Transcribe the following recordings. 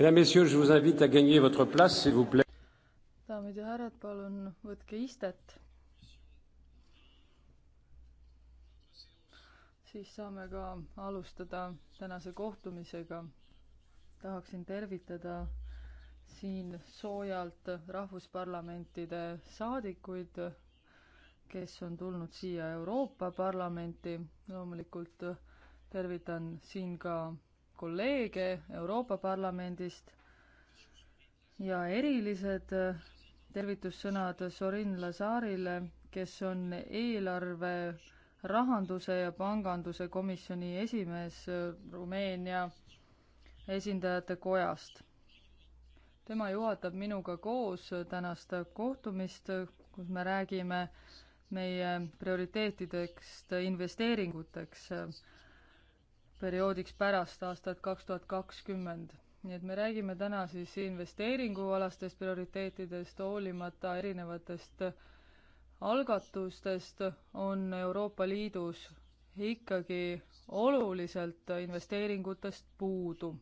daamid ja härrad, palun võtke istet. siis saame ka alustada tänase kohtumisega. tahaksin tervitada siin soojalt rahvusparlamentide saadikuid, kes on tulnud siia Euroopa Parlamenti. loomulikult tervitan siin ka kolleege Euroopa Parlamendist ja erilised tervitussõnad Sorin Lazarile, kes on eelarve, rahanduse ja panganduse komisjoni esimees Rumeenia esindajate kojast. tema juhatab minuga koos tänast kohtumist, kus me räägime meie prioriteetidest investeeringuteks perioodiks pärast aastat kaks tuhat kakskümmend. nii et me räägime täna siis investeeringualastest prioriteetidest, hoolimata erinevatest algatustest on Euroopa Liidus ikkagi oluliselt investeeringutest puudu.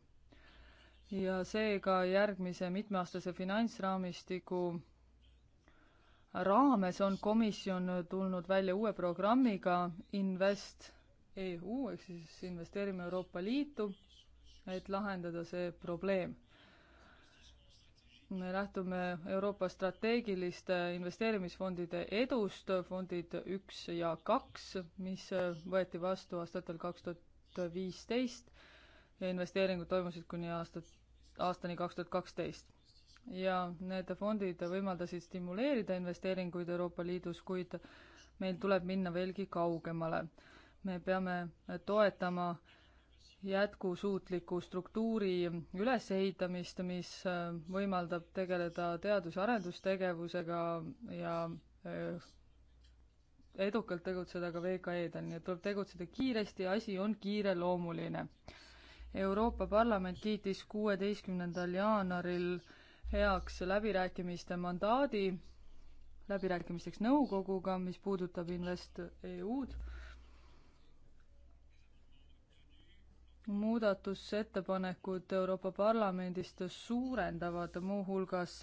ja seega järgmise mitmeaastase finantsraamistiku raames on komisjon tulnud välja uue programmiga Invest EU ehk siis investeerime Euroopa Liitu, et lahendada see probleem. me lähtume Euroopa strateegiliste investeerimisfondide edust, fondid üks ja kaks, mis võeti vastu aastatel kaks tuhat viisteist ja investeeringud toimusid kuni aastat, aastani kaks tuhat kaksteist ja need fondid võimaldasid stimuleerida investeeringuid Euroopa Liidus, kuid meil tuleb minna veelgi kaugemale me peame toetama jätkusuutliku struktuuri ülesehitamist, mis äh, võimaldab tegeleda teadus- ja arendustegevusega ja äh, edukalt tegutseda ka VKE-del, nii et tuleb tegutseda kiiresti ja asi on kiireloomuline. Euroopa Parlament kiitis kuueteistkümnendal jaanuaril heaks läbirääkimiste mandaadi läbirääkimisteks nõukoguga, mis puudutab invest EU-d muudatusettepanekud Euroopa Parlamendist suurendavad muuhulgas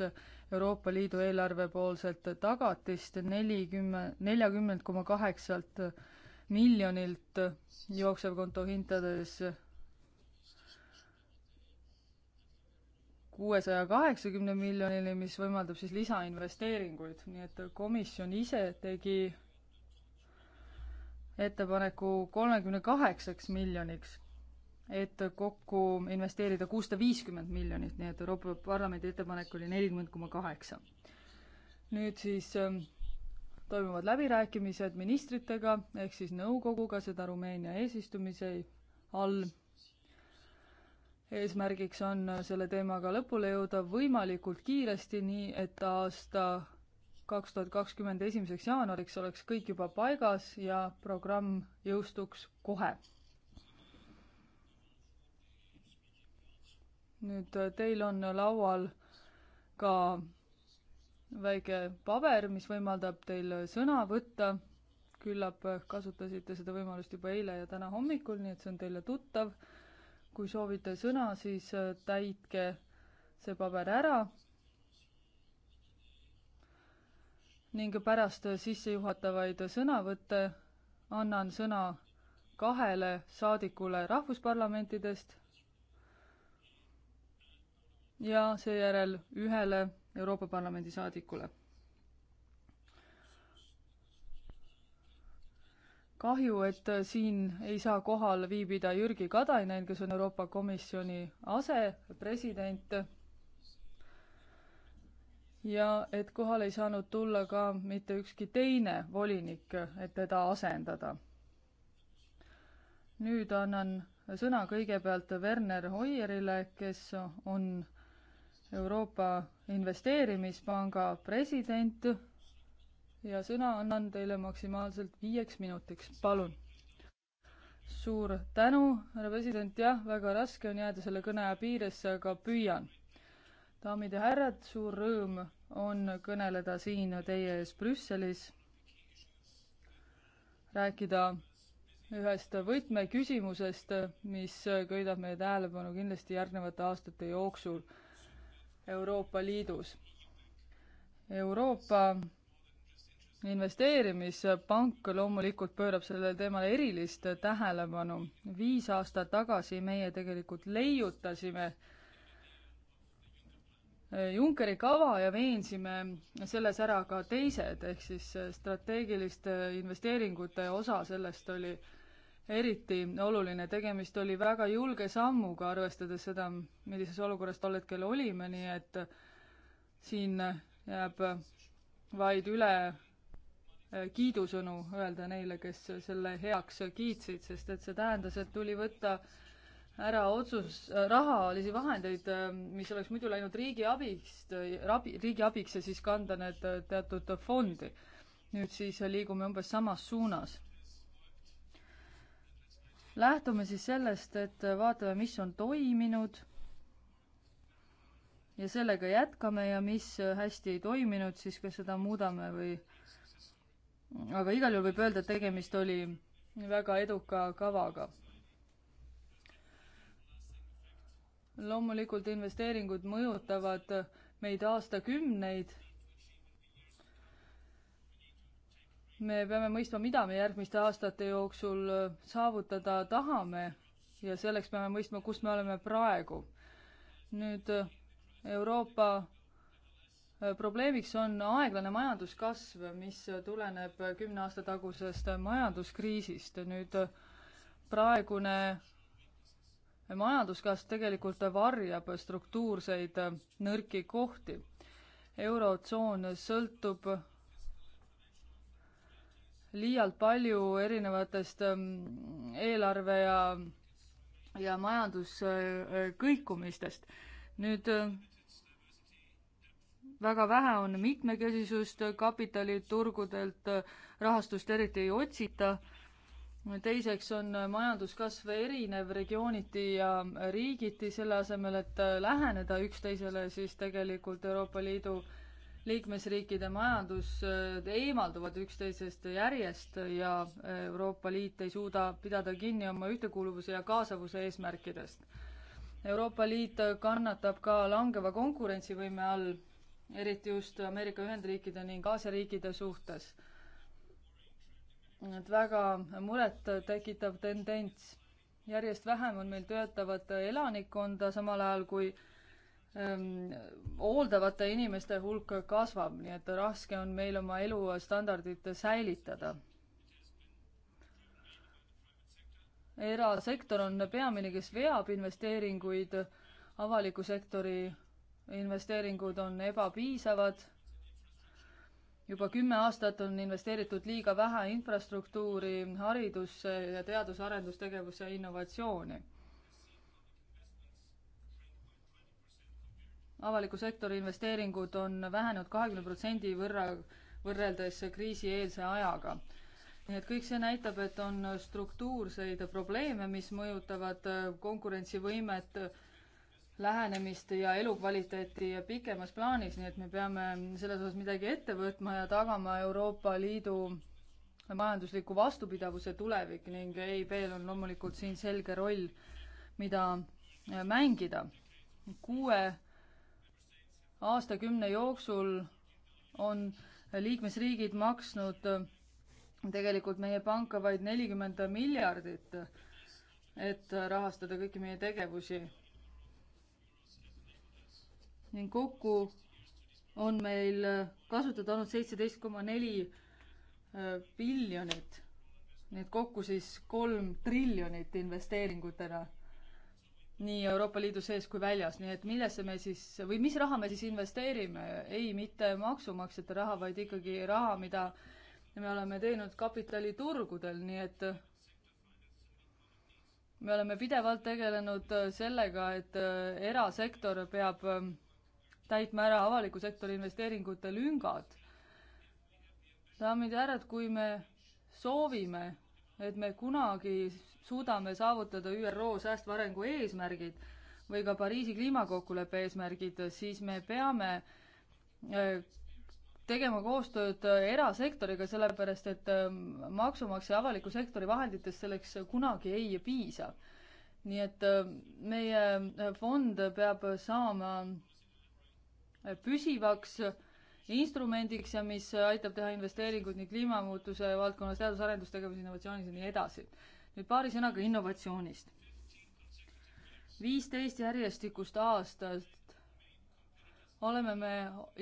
Euroopa Liidu eelarvepoolset tagatist nelikümmend, neljakümnelt koma kaheksalt miljonilt jooksevkonto hindades kuuesaja kaheksakümne miljonini, mis võimaldab siis lisainvesteeringuid, nii et komisjon ise tegi ettepaneku kolmekümne kaheksaks miljoniks et kokku investeerida kuussada viiskümmend miljonit, nii et Euroopa Parlamendi ettepanek oli nelikümmend koma kaheksa. nüüd siis ähm, toimuvad läbirääkimised ministritega ehk siis nõukoguga, seda Rumeenia eesistumise all. eesmärgiks on selle teemaga lõpule jõuda võimalikult kiiresti, nii et aasta kaks tuhat kakskümmend esimeseks jaanuariks oleks kõik juba paigas ja programm jõustuks kohe nüüd äh, teil on laual ka väike paber, mis võimaldab teil äh, sõna võtta. küllap äh, kasutasite seda võimalust juba eile ja täna hommikul, nii et see on teile tuttav. kui soovite sõna, siis täitke see paber ära. ning pärast sissejuhatavaid sõnavõtte annan sõna kahele saadikule rahvusparlamentidest ja seejärel ühele Euroopa Parlamendi saadikule. kahju, et siin ei saa kohal viibida Jürgi Katainen, kes on Euroopa Komisjoni asepresident. ja et kohale ei saanud tulla ka mitte ükski teine volinik, et teda asendada. nüüd annan sõna kõigepealt Werner Hoierile, kes on Euroopa Investeerimispanga president ja sõna annan teile maksimaalselt viieks minutiks, palun. suur tänu, härra president, jah, väga raske on jääda selle kõneaja piiresse, aga püüan. daamid ja härrad, suur rõõm on kõneleda siin teie ees Brüsselis, rääkida ühest võtmeküsimusest, mis köidab meie tähelepanu kindlasti järgnevate aastate jooksul Euroopa Liidus. Euroopa investeerimispank loomulikult pöörab sellele teemale erilist tähelepanu. viis aastat tagasi meie tegelikult leiutasime Junckeri kava ja veensime selles ära ka teised, ehk siis strateegiliste investeeringute osa sellest oli eriti oluline, tegemist oli väga julge sammuga, arvestades seda, millises olukorras tol hetkel olime, nii et siin jääb vaid üle äh, kiidusõnu öelda neile, kes selle heaks kiitsid, sest et see tähendas, et tuli võtta ära otsus, äh, rahalisi vahendeid, äh, mis oleks muidu läinud riigi abist, riigi abiks ja siis kanda need teatud fondi. nüüd siis liigume umbes samas suunas lähtume siis sellest, et vaatame, mis on toiminud ja sellega jätkame ja mis hästi ei toiminud, siis ka seda muudame või aga igal juhul võib öelda, et tegemist oli väga eduka kavaga. loomulikult investeeringud mõjutavad meid aastakümneid me peame mõistma, mida me järgmiste aastate jooksul äh, saavutada tahame ja selleks peame mõistma, kus me oleme praegu. nüüd äh, Euroopa äh, probleemiks on aeglane majanduskasv, mis tuleneb kümne aasta tagusest majanduskriisist. nüüd praegune majanduskasv tegelikult varjab struktuurseid nõrki kohti. eurotsoon sõltub liialt palju erinevatest ähm, eelarve ja, ja majanduskõikumistest. nüüd äh, väga vähe on mitmekesisust kapitaliturgudelt, äh, rahastust eriti ei otsita. teiseks on äh, majanduskasv erinev regiooniti ja riigiti, selle asemel, et läheneda üksteisele, siis tegelikult Euroopa Liidu äh, liikmesriikide majandus eemalduvad üksteisest järjest ja Euroopa Liit ei suuda pidada kinni oma ühtekuuluvuse ja kaasavuse eesmärkidest. Euroopa Liit kannatab ka langeva konkurentsivõime all, eriti just Ameerika Ühendriikide ning Aasia riikide suhtes. et väga muret tekitav tendents. järjest vähem on meil töötavat elanikkonda, samal ajal kui Ehm, hooldavate inimeste hulk kasvab, nii et raske on meil oma elustandardit säilitada. erasektor on peamine, kes veab investeeringuid, avaliku sektori investeeringud on ebapiisavad, juba kümme aastat on investeeritud liiga vähe infrastruktuuri, haridusse ja teadus-arendustegevusse ja innovatsiooni avaliku sektori investeeringud on vähenenud kahekümne protsendi võrra võrreldes kriisieelse ajaga. nii et kõik see näitab, et on struktuurseid probleeme, mis mõjutavad konkurentsivõimet, lähenemist ja elukvaliteeti pikemas plaanis, nii et me peame selles osas midagi ette võtma ja tagama Euroopa Liidu majandusliku vastupidavuse tulevik ning EIB-l on loomulikult siin selge roll, mida mängida. kuue aastakümne jooksul on liikmesriigid maksnud tegelikult meie panka vaid nelikümmend miljardit, et rahastada kõiki meie tegevusi. ning kokku on meil kasutada olnud seitseteist koma neli äh, biljonit, nii et kokku siis kolm triljonit investeeringutena nii Euroopa Liidu sees kui väljas, nii et millesse me siis või mis raha me siis investeerime, ei mitte maksumaksjate raha, vaid ikkagi raha, mida me oleme teinud kapitaliturgudel, nii et me oleme pidevalt tegelenud äh, sellega, et äh, erasektor peab ähm, täitma ära avaliku sektori investeeringute lüngad. daamid ja härrad, kui me soovime et me kunagi suudame saavutada ÜRO säästva arengu eesmärgid või ka Pariisi kliimakokkuleppe eesmärgid, siis me peame äh, tegema koostööd erasektoriga, sellepärast et ähm, maksumaksja avaliku sektori vahenditest selleks kunagi ei piisa. nii et ähm, meie fond peab saama püsivaks instrumendiks ja mis aitab teha investeeringuid nii kliimamuutuse valdkonnas, teadus-arendustegevus, innovatsioonis ja nii edasi. nüüd paari sõnaga innovatsioonist. viisteist järjestikust aastat oleme me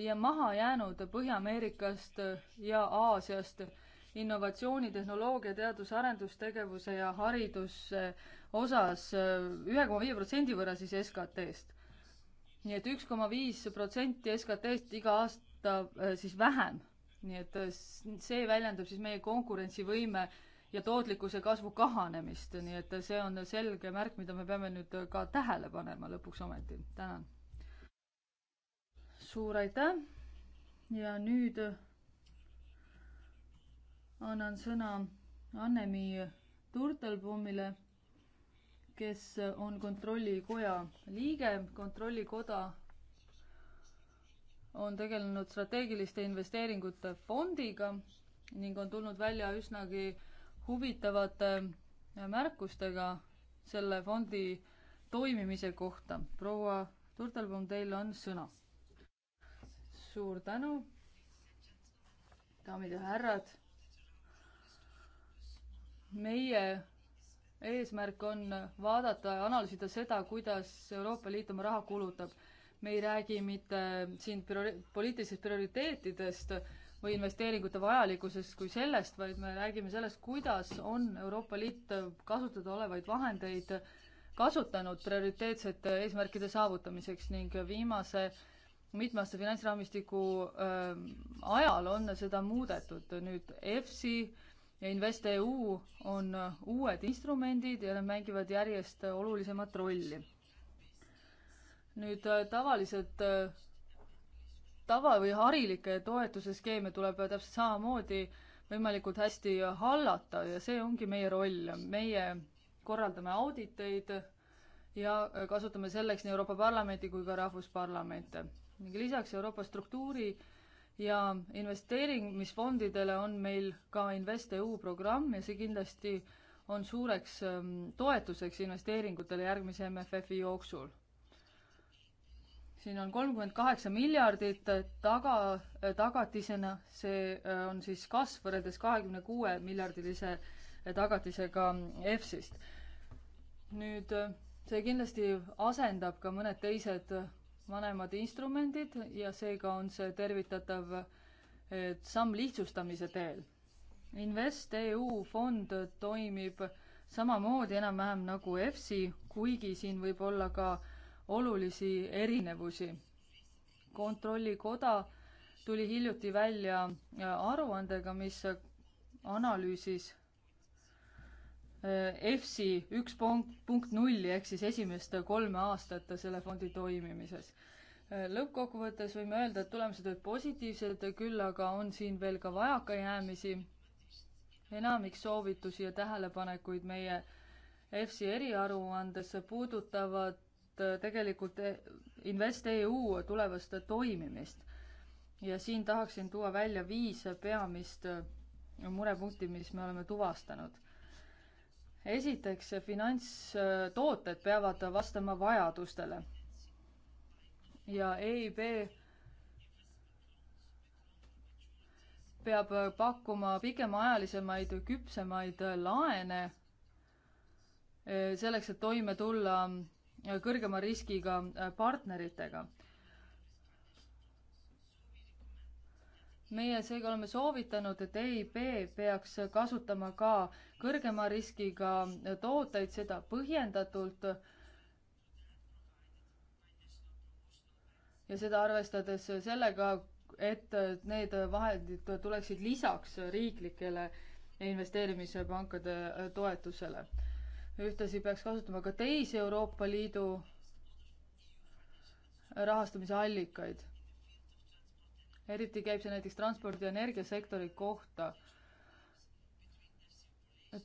ja maha jäänud Põhja-Ameerikast ja Aasiast innovatsiooni, tehnoloogia, teadus-arendustegevuse ja hariduse osas ühe koma viie protsendi võrra siis SKT-st. nii et üks koma viis protsenti SKT-st iga aast-, võtta äh, siis vähem. nii et äh, see väljendab siis meie konkurentsivõime ja tootlikkuse kasvu kahanemist, nii et äh, see on selge märk, mida me peame nüüd ka tähele panema lõpuks ometi. tänan. suur aitäh. ja nüüd annan sõna Annemi Turtelbummile, kes on kontrollikoja liige, kontrollikoda on tegelenud strateegiliste investeeringute fondiga ning on tulnud välja üsnagi huvitavate märkustega selle fondi toimimise kohta. proua Turtelbaum, teil on sõna. suur tänu, daamid ja härrad. meie eesmärk on vaadata ja analüüsida seda, kuidas Euroopa Liit oma raha kulutab me ei räägi mitte siin priori-, poliitilistest prioriteetidest või investeeringute vajalikkusest kui sellest, vaid me räägime sellest, kuidas on Euroopa Liit kasutada olevaid vahendeid kasutanud prioriteetsete eesmärkide saavutamiseks ning viimase mitmeaasta finantsraamistiku äh, ajal on seda muudetud. nüüd EFSI ja InvestEU on uued instrumendid ja nad mängivad järjest olulisemat rolli nüüd äh, tavalised äh, tava- või harilikke toetuse skeeme tuleb äh, täpselt samamoodi võimalikult hästi hallata ja see ongi meie roll. meie korraldame auditeid ja kasutame selleks nii Euroopa Parlamenti kui ka rahvusparlamente. ning lisaks Euroopa struktuuri ja investeerimisfondidele on meil ka InvestEU programm ja see kindlasti on suureks ähm, toetuseks investeeringutele järgmise MFF-i jooksul siin on kolmkümmend kaheksa miljardit taga, äh, tagatisena, see äh, on siis kasv võrreldes kahekümne kuue miljardilise äh, tagatisega mm, EFSist. nüüd see kindlasti asendab ka mõned teised vanemad instrumendid ja seega on see tervitatav samm lihtsustamise teel. InvestEU fond toimib samamoodi enam-vähem nagu EFSI, kuigi siin võib olla ka äh, olulisi erinevusi. kontrollikoda tuli hiljuti välja äh, aruandega, mis analüüsis EFSI äh, üks punkt, punkt nulli ehk siis esimest kolme aastat selle fondi toimimises. Äh, lõppkokkuvõttes võime öelda, et tulemused olid positiivsed, küll aga on siin veel ka vajakajäämisi. enamik soovitusi ja tähelepanekuid meie EFSI eriaruandes puudutavad Äh, tegelikult äh, InvestEU tulevast toimimist. ja siin tahaksin tuua välja viis peamist äh, murepunkti, mis me oleme tuvastanud esiteks, finantstooted peavad vastama vajadustele. ja EIB peab pakkuma pikemaajalisemaid, küpsemaid laene selleks, et toime tulla Äh, kõrgema riskiga äh, partneritega. meie seega oleme soovitanud, et EIB peaks kasutama ka kõrgema riskiga äh, tooteid, seda põhjendatult ja seda arvestades sellega, et need vahendid tuleksid lisaks riiklikele investeerimispankade toetusele ühtlasi peaks kasutama ka teisi Euroopa Liidu rahastamise allikaid. eriti käib see näiteks transpordi ja energiasektori kohta.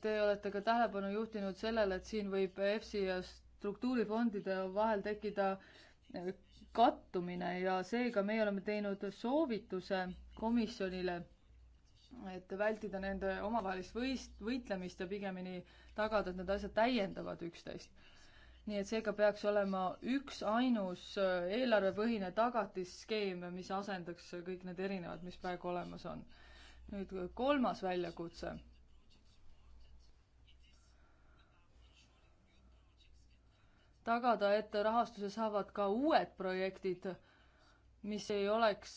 Te olete ka tähelepanu juhtinud sellele, et siin võib EFSI ja struktuurifondide vahel tekkida eh, kattumine ja seega meie oleme teinud soovituse komisjonile et vältida nende omavahelist võist, võitlemist ja pigemini tagada, et need asjad täiendavad üksteist. nii et seega peaks olema üksainus äh, eelarvepõhine tagatisskeem, mis asendaks kõik need erinevad, mis praegu olemas on. nüüd kolmas väljakutse tagada, et rahastuse saavad ka uued projektid mis ei oleks,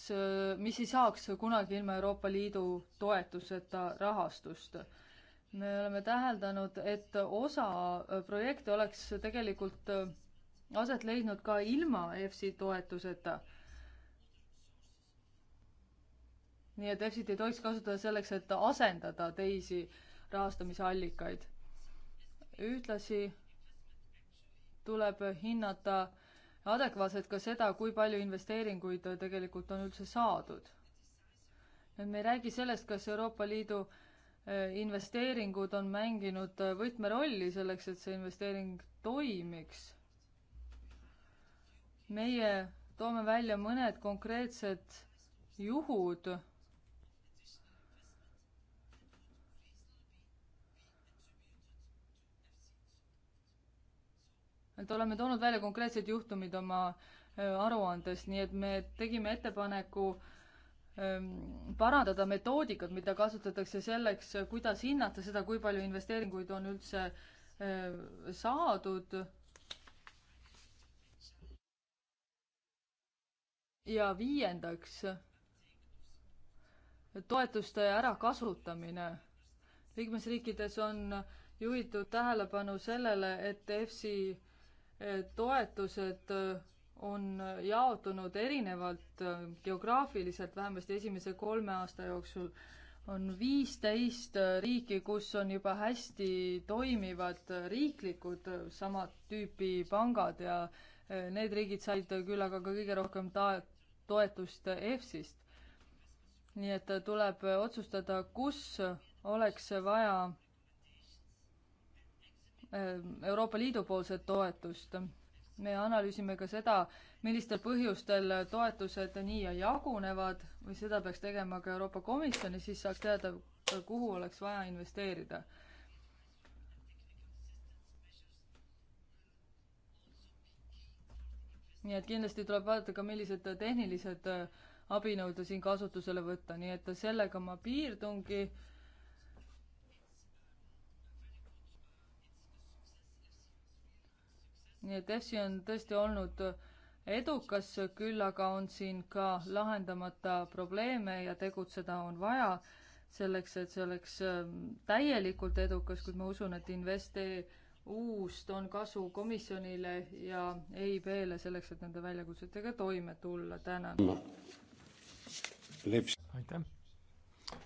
mis ei saaks kunagi ilma Euroopa Liidu toetuseta rahastust. me oleme täheldanud, et osa projekte oleks tegelikult aset leidnud ka ilma EFSI toetuseta. nii et EFSit ei tohiks kasutada selleks, et asendada teisi rahastamise allikaid. ühtlasi tuleb hinnata adekvaatselt ka seda, kui palju investeeringuid tegelikult on üldse saadud. et me ei räägi sellest, kas Euroopa Liidu äh, investeeringud on mänginud äh, võtmerolli selleks, et see investeering toimiks. meie toome välja mõned konkreetsed juhud et oleme toonud välja konkreetsed juhtumid oma aruandes, nii et me tegime ettepaneku parandada metoodikat, mida kasutatakse selleks, kuidas hinnata seda, kui palju investeeringuid on üldse saadud. ja viiendaks, toetuste ärakasutamine. liikmesriikides on juhitud tähelepanu sellele, et EFSI toetused äh, on jaotunud erinevalt äh, geograafiliselt, vähemasti esimese kolme aasta jooksul on viisteist äh, riiki, kus on juba hästi toimivad riiklikud sama tüüpi pangad ja need riigid said küll aga ka kõige rohkem ta-, toetust EFSist. nii et tuleb otsustada, kus oleks vaja Ähm, Euroopa Liidu poolset toetust. me analüüsime ka seda, millistel põhjustel toetused nii jagunevad või seda peaks tegema ka Euroopa Komisjon ja siis saaks teada, kuhu oleks vaja investeerida. nii et kindlasti tuleb vaadata ka, millised tehnilised abinõud siin kasutusele võtta, nii et sellega ma piirdungi nii et EFSI on tõesti olnud edukas, küll aga on siin ka lahendamata probleeme ja tegutseda on vaja selleks, et see oleks ähm, täielikult edukas, kuid ma usun, et InvestEU-st on kasu komisjonile ja EIB-le selleks, et nende väljakutsetega toime tulla. tänan. aitäh.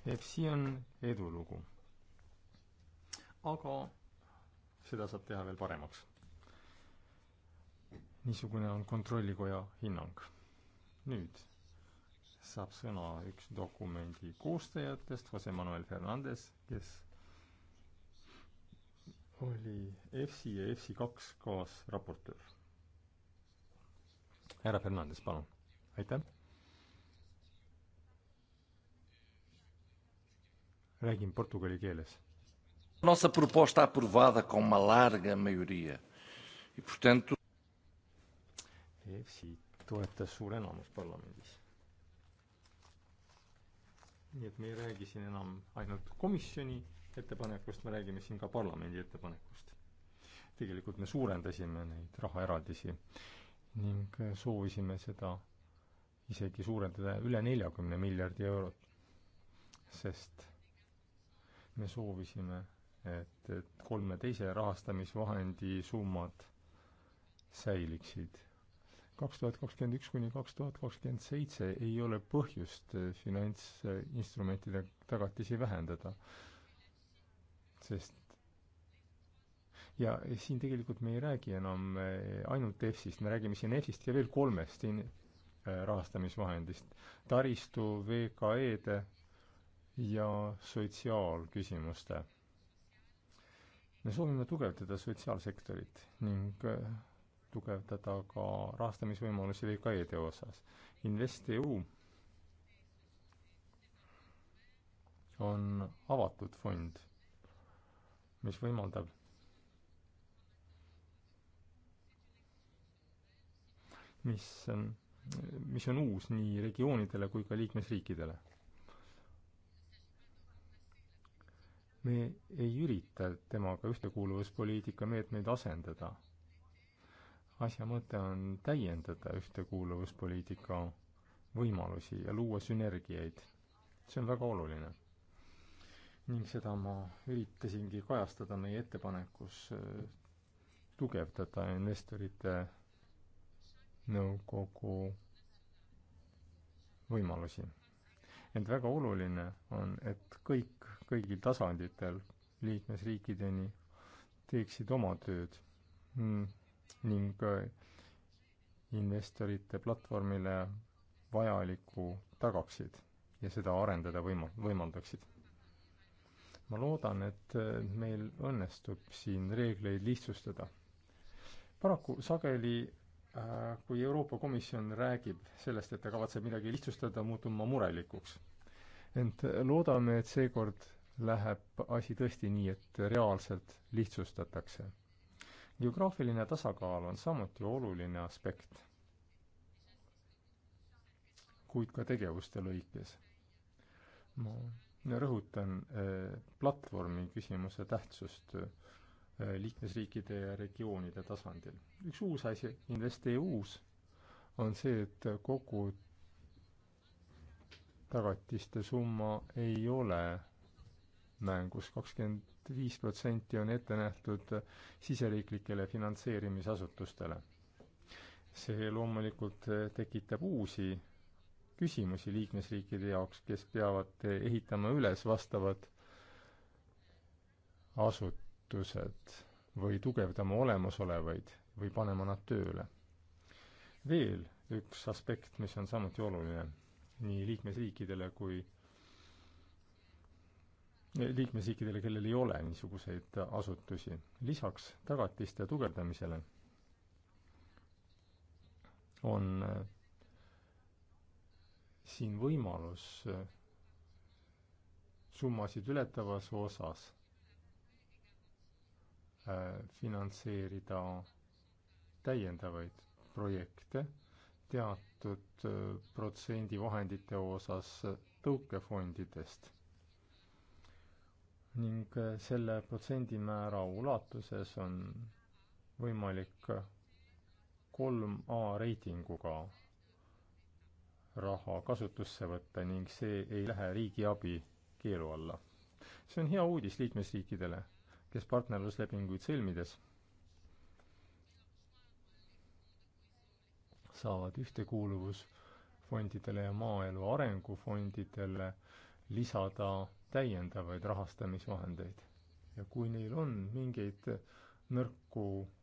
EFSI on edulugu. aga seda saab teha veel paremaks niisugune on Kontrollikoja hinnang. nüüd saab sõna üks dokumendi koostajatest, Jose Manuel Fernandez, kes oli EFSI ja EFSI kaks kaasraportöör. härra Fernandes, palun. aitäh. räägin portugali keeles. Nossa proposta aprovada com uma larga maioria e portanto siit toetas suur enamus parlamendis. nii et me ei räägi siin enam ainult komisjoni ettepanekust, me räägime siin ka parlamendi ettepanekust. tegelikult me suurendasime neid rahaeraldisi ning soovisime seda isegi suurendada üle neljakümne miljardi eurot, sest me soovisime, et, et kolme teise rahastamisvahendi summad säiliksid kaks tuhat kakskümmend üks kuni kaks tuhat kakskümmend seitse ei ole põhjust eh, finantsinstrumentide tagatisi vähendada. sest ja siin tegelikult me ei räägi enam eh, ainult EFSist, me räägime siin EFSist ja veel kolmest siin eh, rahastamisvahendist. taristu, VKE-de ja sotsiaalküsimuste. me soovime tugevdada sotsiaalsektorit ning tugevdada ka rahastamisvõimalusi VKE-de osas. InvestEU on avatud fond, mis võimaldab mis, mis on uus nii regioonidele kui ka liikmesriikidele. me ei ürita temaga ühtekuuluvuspoliitika meetmeid asendada asja mõte on täiendada ühtekuuluvuspoliitika võimalusi ja luua sünergiaid. see on väga oluline. ning seda ma üritasingi kajastada meie ettepanekus äh, tugevdada investorite nõukogu võimalusi. ent väga oluline on, et kõik, kõigil tasanditel liikmesriikideni teeksid oma tööd mm, ning äh, investorite platvormile vajaliku tagaksid ja seda arendada võima-, võimaldaksid. ma loodan, et äh, meil õnnestub siin reegleid lihtsustada. paraku sageli äh, kui Euroopa Komisjon räägib sellest, et ta kavatseb midagi lihtsustada, muutun ma murelikuks. ent loodame, et seekord läheb asi tõesti nii, et reaalselt lihtsustatakse geograafiline tasakaal on samuti oluline aspekt, kuid ka tegevuste lõikes. ma rõhutan eh, platvormi küsimuse tähtsust eh, liikmesriikide ja regioonide tasandil. üks uus asi InvestEU-s on see, et kogu tagatiste summa ei ole mängus kakskümmend et viis protsenti on ette nähtud siseriiklikele finantseerimisasutustele. see loomulikult tekitab uusi küsimusi liikmesriikide jaoks, kes peavad ehitama üles vastavad asutused või tugevdama olemasolevaid või panema nad tööle. veel üks aspekt, mis on samuti oluline nii liikmesriikidele kui liikmesriikidele, kellel ei ole niisuguseid asutusi. lisaks tagatiste tugevdamisele on äh, siin võimalus äh, summasid ületavas osas äh, finantseerida täiendavaid projekte teatud protsendi vahendite osas tõukefondidest ning selle protsendimäära ulatuses on võimalik kolm A reitinguga raha kasutusse võtta ning see ei lähe riigiabi keelu alla. see on hea uudis liikmesriikidele, kes partnerluslepinguid sõlmides saavad ühtekuuluvusfondidele ja maaelu arengufondidele lisada täiendavaid rahastamisvahendeid. ja kui neil on mingeid nõrku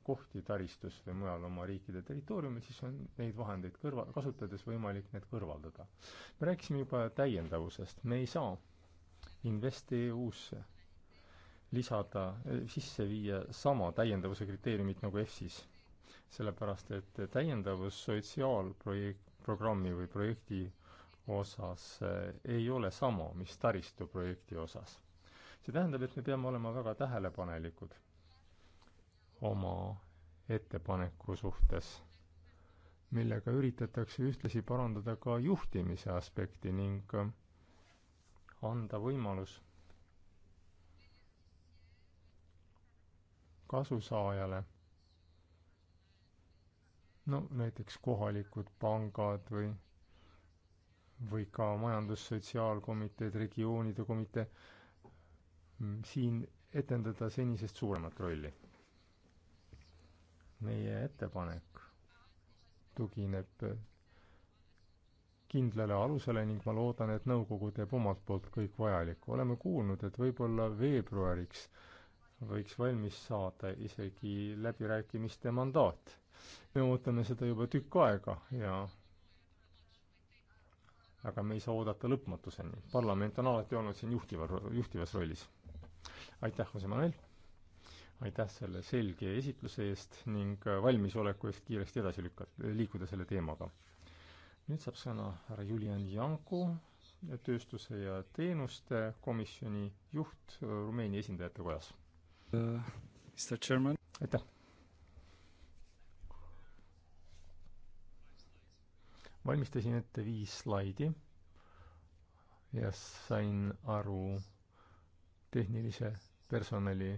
kohti taristus või mujal oma riikide territooriumil, siis on neid vahendeid kõrva, kasutades võimalik need kõrvaldada. me rääkisime juba täiendavusest, me ei saa InvestEU-sse lisada, eh, sisse viia sama täiendavuse kriteeriumit nagu EFSis. sellepärast, et täiendavus sotsiaalprojekt, programmi või projekti osas eh, ei ole sama, mis taristuprojekti osas. see tähendab, et me peame olema väga tähelepanelikud oma ettepaneku suhtes, millega üritatakse ühtlasi parandada ka juhtimise aspekti ning eh, anda võimalus kasusaajale, no näiteks kohalikud pangad või või ka Majandus-Sotsiaalkomiteed, regioonide komitee, mm, siin etendada senisest suuremat rolli. meie ettepanek tugineb kindlale alusele ning ma loodan, et nõukogu teeb omalt poolt kõik vajalikku. oleme kuulnud, et võib-olla veebruariks võiks valmis saada isegi läbirääkimiste mandaat. me ootame seda juba tükk aega ja aga me ei saa oodata lõpmatuseni. parlament on alati olnud siin juhtiva, juhtivas rollis. aitäh, Jose Manuel! aitäh selle selge esitluse eest ning äh, valmisoleku eest kiiresti edasi lükata, liikuda selle teemaga. nüüd saab sõna härra Julian Janku, äh, tööstuse ja teenuste komisjoni juht äh, Rumeenia esindajate kojas. Mr Chairman. aitäh! valmistasin ette viis slaidi ja sain aru tehnilise personali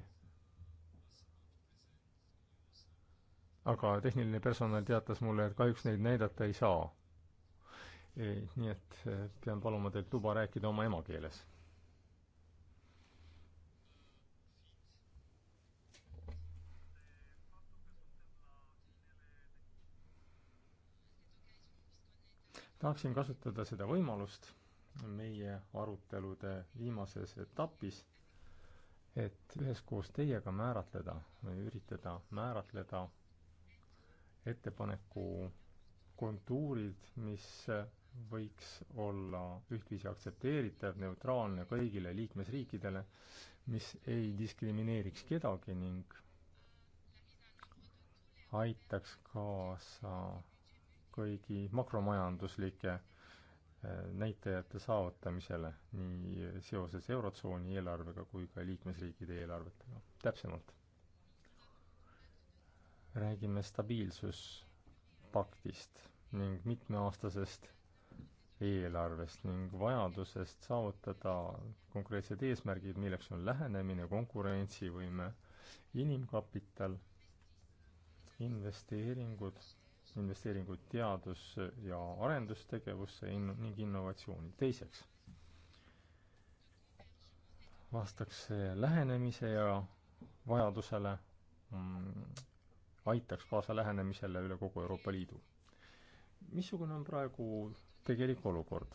aga tehniline personal teatas mulle, et kahjuks neid näidata ei saa. nii et eh, pean paluma teilt luba rääkida oma emakeeles tahaksin kasutada seda võimalust meie arutelude viimases etapis, et üheskoos teiega määratleda või üritada määratleda ettepaneku kontuurid, mis võiks olla ühtviisi aktsepteeritav, neutraalne kõigile liikmesriikidele, mis ei diskrimineeriks kedagi ning aitaks kaasa kõigi makromajanduslike eh, näitajate saavutamisele nii seoses Eurotsooni eelarvega kui ka liikmesriikide eelarvetega. täpsemalt räägime stabiilsuspaktist ning mitmeaastasest eelarvest ning vajadusest saavutada konkreetsed eesmärgid, milleks on lähenemine, konkurentsivõime, inimkapital, investeeringud investeeringuid teadus- ja arendustegevusse in-, ning innovatsiooni. teiseks, vastaks lähenemise ja vajadusele mm,, aitaks kaasa lähenemisele üle kogu Euroopa Liidu. missugune on praegu tegelik olukord?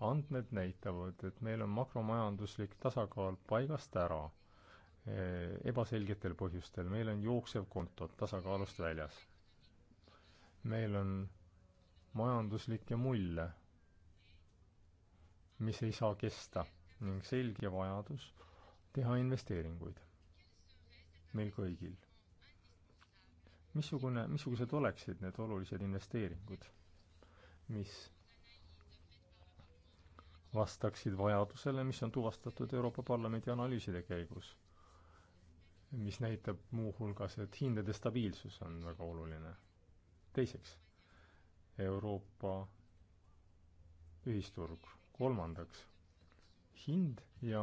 andmed näitavad, et meil on makromajanduslik tasakaal paigast ära e, ebaselgetel põhjustel, meil on jooksev konto tasakaalust väljas meil on majanduslikke mulle, mis ei saa kesta ning selge vajadus teha investeeringuid. meil kõigil. missugune, missugused oleksid need olulised investeeringud, mis vastaksid vajadusele, mis on tuvastatud Euroopa Parlamendi analüüside käigus, mis näitab muuhulgas, et hindade stabiilsus on väga oluline teiseks, Euroopa ühisturg, kolmandaks, hind ja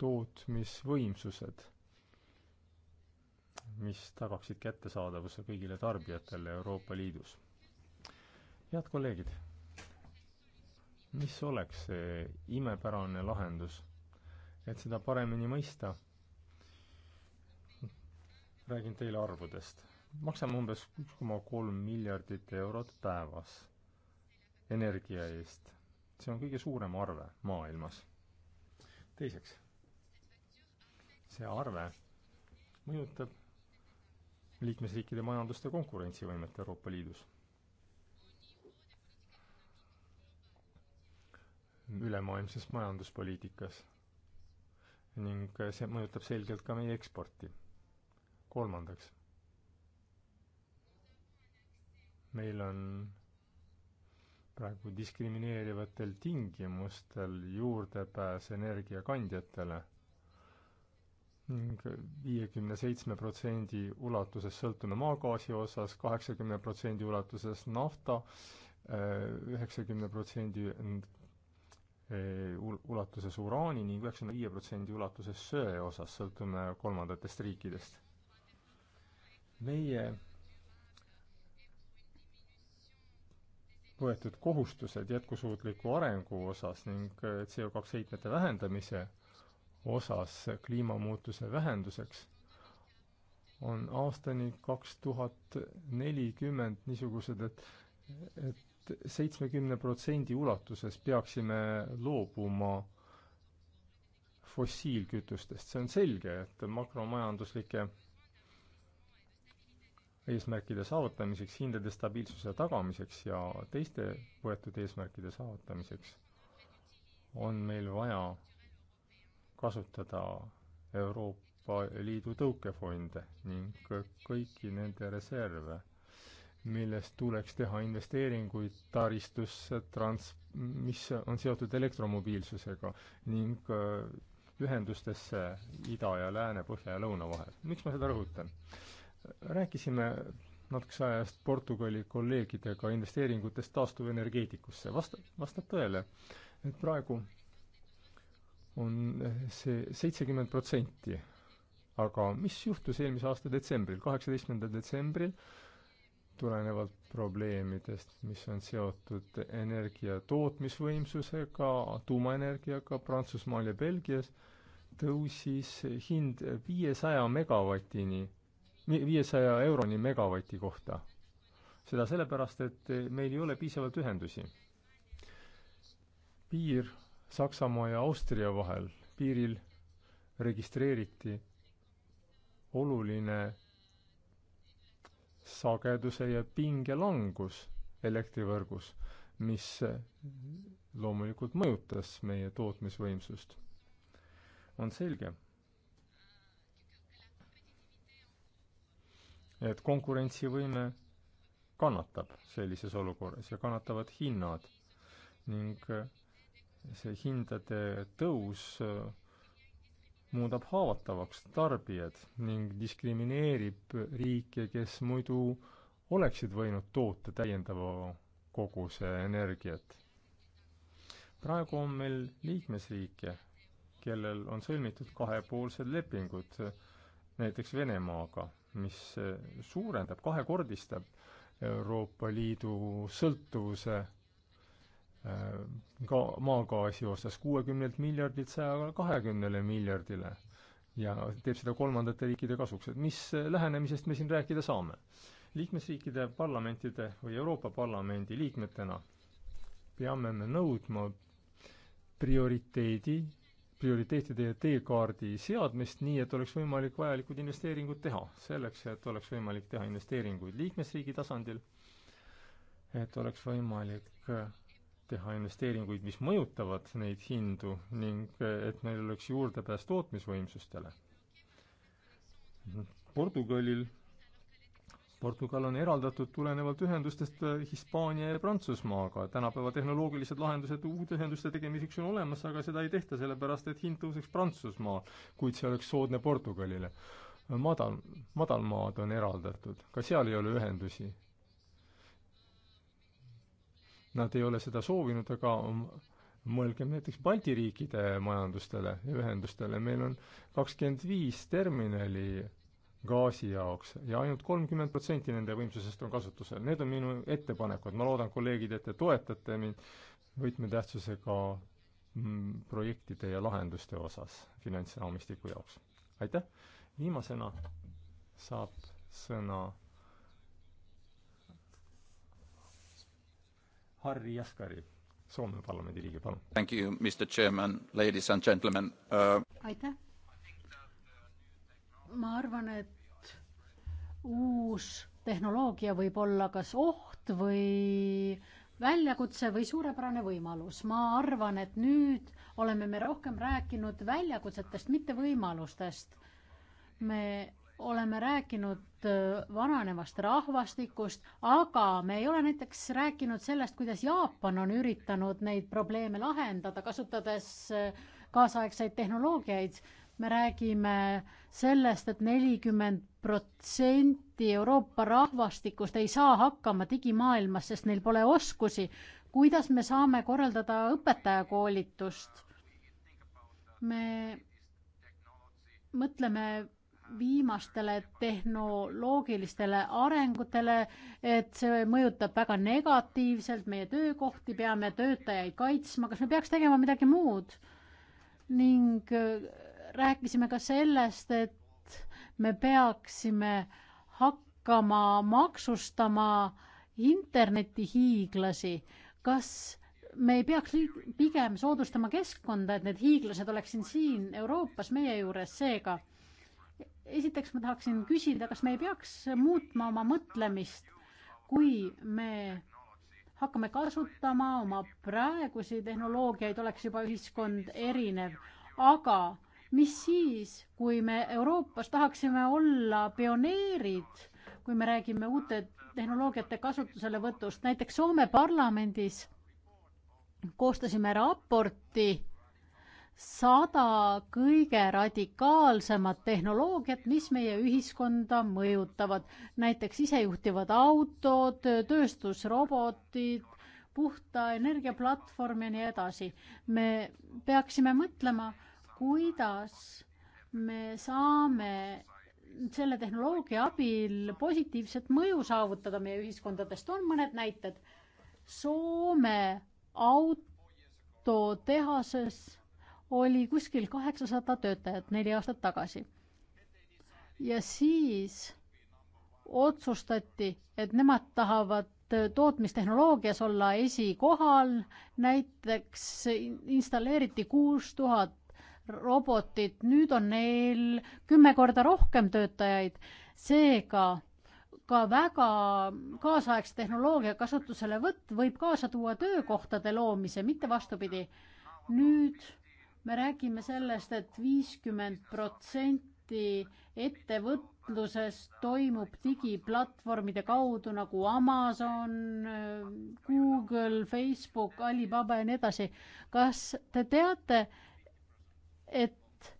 tootmisvõimsused, mis tagaksid kättesaadavuse kõigile tarbijatele Euroopa Liidus. head kolleegid, mis oleks see imepärane lahendus, et seda paremini mõista? räägin teile arvudest maksame umbes üks koma kolm miljardit eurot päevas energia eest. see on kõige suurem arve maailmas. teiseks, see arve mõjutab liikmesriikide majanduste konkurentsivõimet Euroopa Liidus. ülemaailmses majanduspoliitikas ning see mõjutab selgelt ka meie eksporti. kolmandaks meil on praegu diskrimineerivatel tingimustel juurdepääs energiakandjatele ning viiekümne seitsme protsendi ulatuses sõltume maagaasi osas, kaheksakümne protsendi ulatuses nafta, eh, üheksakümne protsendi eh, ulatuses uraani ning üheksakümne viie protsendi ulatuses söe osas sõltume kolmandatest riikidest. meie võetud kohustused jätkusuutliku arengu osas ning äh, CO2 heitmete vähendamise osas kliimamuutuse vähenduseks on aastani kaks tuhat nelikümmend niisugused, et, et seitsmekümne protsendi ulatuses peaksime loobuma fossiilkütustest. see on selge, et makromajanduslike eesmärkide saavutamiseks, hindade stabiilsuse tagamiseks ja teiste võetud eesmärkide saavutamiseks on meil vaja kasutada Euroopa Liidu tõukefonde ning kõiki nende reserve, millest tuleks teha investeeringuid taristusse, trans-, mis on seotud elektromobiilsusega ning äh, ühendustesse ida ja lääne, põhja ja lõuna vahel. miks ma seda rõhutan? rääkisime natukese aja eest Portugali kolleegidega investeeringutest taastuvenergeetikusse. vasta-, vastab tõele, et praegu on see seitsekümmend protsenti. aga mis juhtus eelmise aasta detsembril, kaheksateistkümnendal detsembril, tulenevalt probleemidest, mis on seotud energia tootmisvõimsusega, tuumaenergiaga Prantsusmaal ja Belgias, tõusis hind viiesaja megavatini viiesaja euroni megavati kohta. seda sellepärast, et meil ei ole piisavalt ühendusi. piir Saksamaa ja Austria vahel, piiril registreeriti oluline sageduse ja pinge langus elektrivõrgus, mis loomulikult mõjutas meie tootmisvõimsust. on selge et konkurentsivõime kannatab sellises olukorras ja kannatavad hinnad ning see hindade tõus muudab haavatavaks tarbijad ning diskrimineerib riike, kes muidu oleksid võinud toota täiendava koguse energiat. praegu on meil liikmesriike, kellel on sõlmitud kahepoolsed lepingud näiteks Venemaaga mis eh, suurendab, kahekordistab Euroopa Liidu sõltuvuse eh, ka maagaasi osas kuuekümnelt miljardilt saja kahekümnele miljardile ja teeb seda kolmandate riikide kasuks, et mis eh, lähenemisest me siin rääkida saame? liikmesriikide parlamentide või Euroopa Parlamendi liikmetena peame me nõudma prioriteedi prioriteetide ja teekaardi seadmist, nii et oleks võimalik vajalikud investeeringud teha. selleks, et oleks võimalik teha investeeringuid liikmesriigi tasandil, et oleks võimalik äh, teha investeeringuid, mis mõjutavad neid hindu ning äh, et meil oleks juurdepääs tootmisvõimsustele. Portugalil Portugal on eraldatud tulenevalt ühendustest äh, Hispaania ja Prantsusmaaga. tänapäeva tehnoloogilised lahendused uute ühenduste tegemiseks on olemas, aga seda ei tehta sellepärast, et hind tõuseks Prantsusmaal, kuid see oleks soodne Portugalile. madal, madalmaad on eraldatud, ka seal ei ole ühendusi. Nad ei ole seda soovinud, aga mõelgem näiteks Balti riikide majandustele ja ühendustele, meil on kakskümmend viis terminali gaasi jaoks ja ainult kolmkümmend protsenti nende võimsusest on kasutusel. Need on minu ettepanekud, ma loodan, kolleegid, et te toetate mind võtmetähtsusega mm, projektide ja lahenduste osas finantsraamistiku jaoks. aitäh! viimasena saab sõna Harri Jaskari, Soome parlamendi liige, palun. Thank you, Mr Chairman, ladies and gentlemen uh.... aitäh! ma arvan, et uus tehnoloogia võib olla kas oht või väljakutse või suurepärane võimalus. ma arvan, et nüüd oleme me rohkem rääkinud väljakutsetest, mitte võimalustest. me oleme rääkinud äh, vananevast rahvastikust, aga me ei ole näiteks rääkinud sellest, kuidas Jaapan on üritanud neid probleeme lahendada, kasutades äh, kaasaegseid tehnoloogiaid me räägime sellest et, et nelikümmend protsenti Euroopa rahvastikust ei saa hakkama digimaailmas, sest neil pole oskusi. kuidas me saame korraldada õpetajakoolitust? me mõtleme viimastele tehnoloogilistele arengutele, et see mõjutab väga negatiivselt meie töökohti, peame töötajaid kaitsma, kas me peaks tegema midagi muud? ning rääkisime ka sellest, et me peaksime hakkama maksustama internetihiiglasi. kas me ei peaks pigem soodustama keskkonda, et need hiiglased oleksid siin Euroopas meie juures, seega esiteks ma tahaksin küsida, kas me ei peaks muutma oma mõtlemist, kui me hakkame kasutama oma praegusi tehnoloogiaid, oleks juba ühiskond erinev, aga mis siis, kui me Euroopas tahaksime olla pioneerid, kui me räägime uute tehnoloogiate kasutuselevõtust, näiteks Soome parlamendis koostasime raporti sada kõige radikaalsemat tehnoloogiat, mis meie ühiskonda mõjutavad, näiteks isejuhtivad autod, tööstusrobotid, puhta energiaplatvorm ja nii edasi. me peaksime mõtlema kuidas me saame selle tehnoloogia abil positiivset mõju saavutada meie ühiskondadest, on mõned näited. Soome autotehases oli kuskil kaheksasada töötajat neli aastat tagasi. ja siis otsustati, et nemad tahavad tootmistehnoloogias olla esikohal, näiteks installeeriti kuus tuhat robotid, nüüd on neil kümme korda rohkem töötajaid, seega ka väga kaasaegse tehnoloogia kasutuselevõtt võib kaasa tuua töökohtade loomise, mitte vastupidi. nüüd me räägime sellest et, et viiskümmend protsenti ettevõtluses toimub digiplatvormide kaudu nagu Amazon, Google, Facebook, Alibaba ja nii edasi. kas te teate, et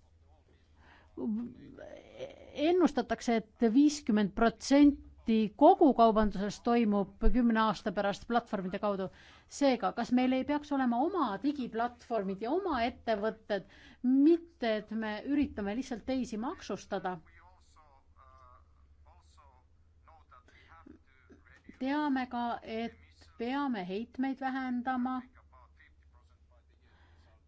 ennustatakse et, et viiskümmend protsenti kogu kaubandusest toimub kümne aasta pärast platvormide kaudu. seega, kas meil ei peaks olema oma digiplatvormid ja oma ettevõtted, mitte et me üritame lihtsalt teisi maksustada teame ka, et peame heitmeid vähendama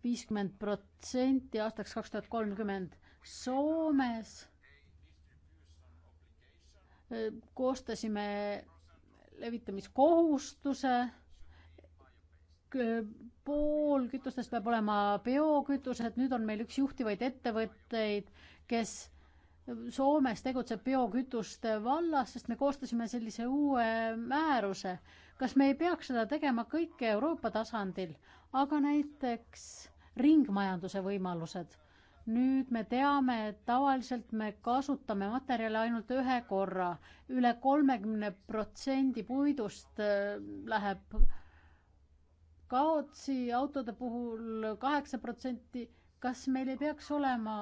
viiskümmend protsenti aastaks kaks tuhat kolmkümmend. Soomes e, koostasime levitamiskohustuse. pool kütustest peab olema biokütused, nüüd on meil üks juhtivaid ettevõtteid, kes Soomes tegutseb biokütuste vallas, sest me koostasime sellise uue määruse. kas me ei peaks seda tegema kõike Euroopa tasandil, aga näiteks ringmajanduse võimalused. nüüd me teame, et tavaliselt me kasutame materjali ainult ühe korra üle, üle kolmekümne protsendi puidust äh, läheb kaotsi autode puhul kaheksa protsenti. kas meil ei peaks olema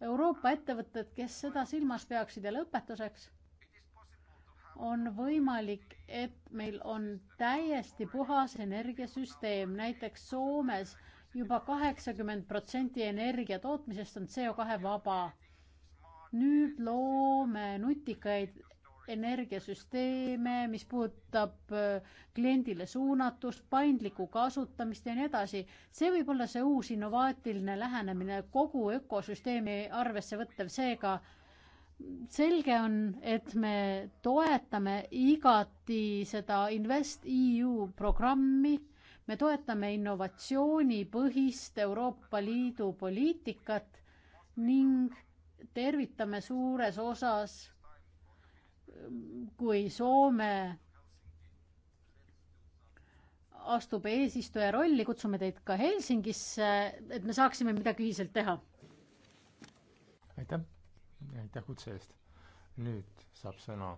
Euroopa ettevõtted, kes seda silmas peaksid ja lõpetuseks on võimalik, et meil on täiesti puhas energiasüsteem, näiteks Soomes juba kaheksakümmend protsenti energia tootmisest on CO2 vaba. nüüd loome nutikaid energiasüsteeme, mis puudutab äh, kliendile suunatust, paindlikku kasutamist ja nii edasi. see võib olla see uus innovaatiline lähenemine, kogu ökosüsteemi arvesse võttev, seega selge on, et me toetame igati seda InvestEU programmi me toetame innovatsioonipõhist Euroopa Liidu poliitikat ning tervitame suures osas, kui Soome astub eesistuja rolli, kutsume teid ka Helsingisse, et me saaksime midagi ühiselt teha. aitäh, aitäh kutse eest. nüüd saab sõna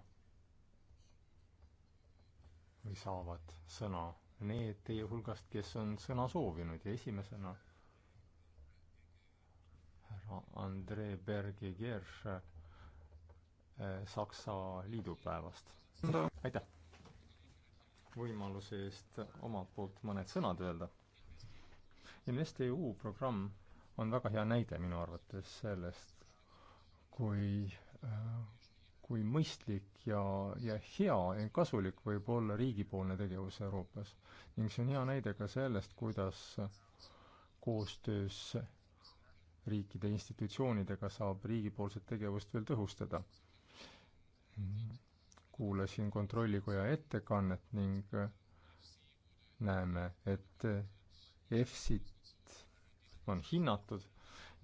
või saavad sõna need teie hulgast, kes on sõna soovinud ja esimesena härra Andre Berge-Gersh äh, Saksa liidupäevast. aitäh võimaluse eest omalt poolt mõned sõnad öelda. InvestEU programm on väga hea näide minu arvates sellest, kui äh, kui mõistlik ja, ja hea ning kasulik võib olla riigipoolne tegevus Euroopas. ning see on hea näide ka sellest, kuidas koostöös riikide institutsioonidega saab riigipoolset tegevust veel tõhustada. kuulasin Kontrollikoja ettekannet ning näeme, et EFSit on hinnatud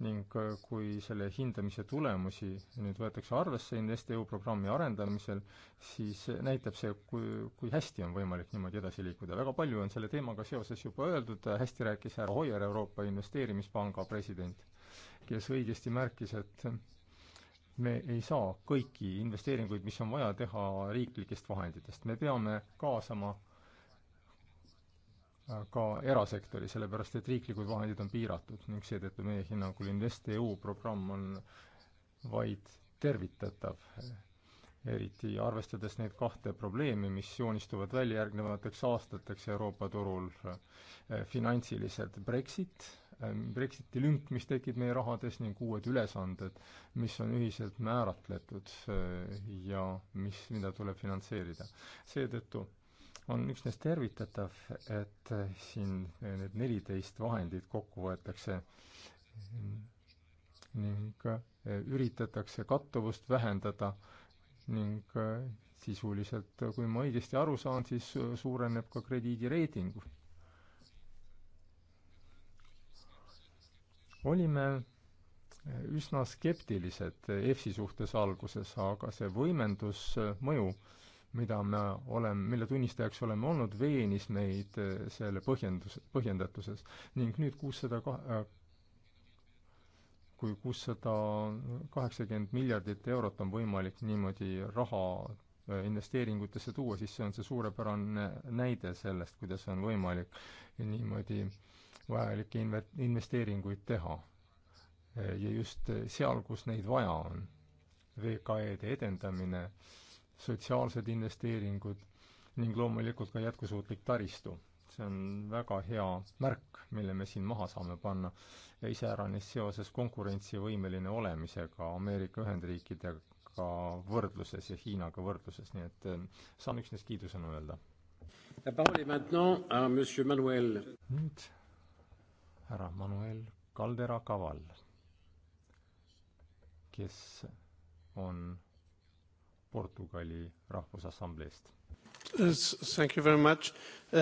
ning äh, kui selle hindamise tulemusi nüüd võetakse arvesse InvestEU programmi arendamisel, siis näitab see, kui, kui hästi on võimalik niimoodi edasi liikuda. väga palju on selle teemaga seoses juba öeldud, hästi rääkis härra Hoier, Euroopa Investeerimispanga president, kes õigesti märkis, et me ei saa kõiki investeeringuid, mis on vaja teha riiklikest vahenditest, me peame kaasama ka erasektori, sellepärast et riiklikud vahendid on piiratud ning seetõttu meie hinnangul InvestEU programm on vaid tervitatav, eriti arvestades neid kahte probleemi, mis joonistuvad välja järgnevateks aastateks Euroopa turul finantsiliselt, Brexit, Brexiti lünk, mis tekib meie rahades, ning uued ülesanded, mis on ühiselt määratletud ja mis, mida tuleb finantseerida. seetõttu on üksnes tervitatav, et siin need neliteist vahendit kokku võetakse ning üritatakse kattuvust vähendada ning sisuliselt, kui ma õigesti aru saan, siis suureneb ka krediidireiting. olime üsna skeptilised EFSi suhtes alguses, aga see võimendusmõju äh, mida me oleme, mille tunnistajaks oleme olnud, veenis meid eh, selle põhjendus, põhjendatuses. ning nüüd kuussada ka-, äh, kui kuussada kaheksakümmend miljardit eurot on võimalik niimoodi raha äh, investeeringutesse tuua, siis see on see suurepärane näide sellest, kuidas on võimalik niimoodi vajalikke inve-, investeeringuid teha. Äh, ja just seal, kus neid vaja on. VKE-de edendamine äh, sotsiaalsed investeeringud ning loomulikult ka jätkusuutlik taristu. see on väga hea märk, mille me siin maha saame panna ja iseäranis seoses konkurentsivõimeline olemisega Ameerika Ühendriikidega võrdluses ja Hiinaga võrdluses, nii et ähm, saan üksnes kiidusõnu öelda. nüüd härra Manuel Caldera Caval, kes on Portugali Rahvusassambleest. Thank you very much uh,,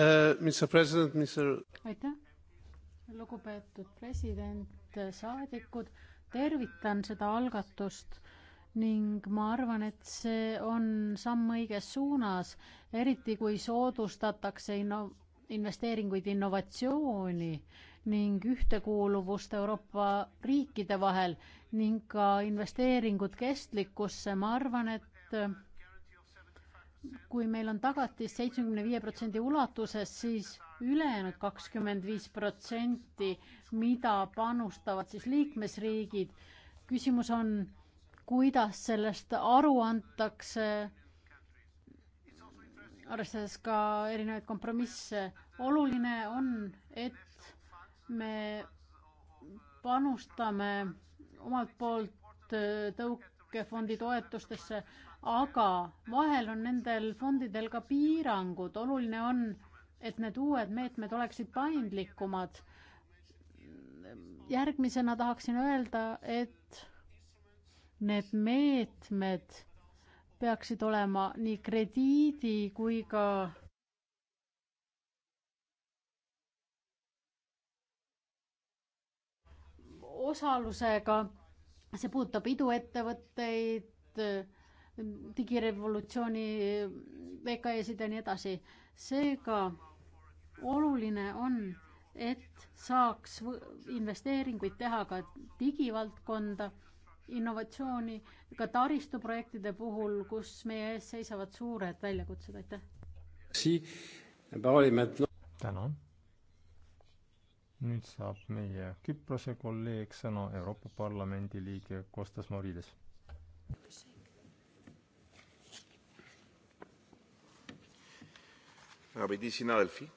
Mr President, Mr. aitäh, lugupeetud president, saadikud, tervitan seda algatust ning ma arvan, et see on samm õiges suunas, eriti kui soodustatakse inno-, investeeringuid innovatsiooni ning ühtekuuluvust Euroopa riikide vahel ning ka investeeringud kestlikkusse, ma arvan, et et äh, kui meil on tagatis seitsmekümne viie protsendi ulatuses, siis ülejäänud kakskümmend viis protsenti, mida panustavad siis liikmesriigid, küsimus on, kuidas sellest aru antakse, arvestades ka erinevaid kompromisse. oluline on, et me panustame omalt poolt äh, tõukefondi toetustesse, aga vahel on nendel fondidel ka piirangud, oluline on, et need uued meetmed oleksid paindlikumad. järgmisena tahaksin öelda, et need meetmed peaksid olema nii krediidi kui ka osalusega, see puudutab iduettevõtteid digirevolutsiooni, VKE-sid ja nii edasi. seega oluline on, et saaks investeeringuid teha ka digivaldkonda, innovatsiooni, ka taristuprojektide puhul, kus meie ees seisavad suured väljakutsed, aitäh. tänan. nüüd saab meie Küprose kolleeg sõna Euroopa Parlamendi liige Kostas Morides. αγαπητοί συνάδελφοι,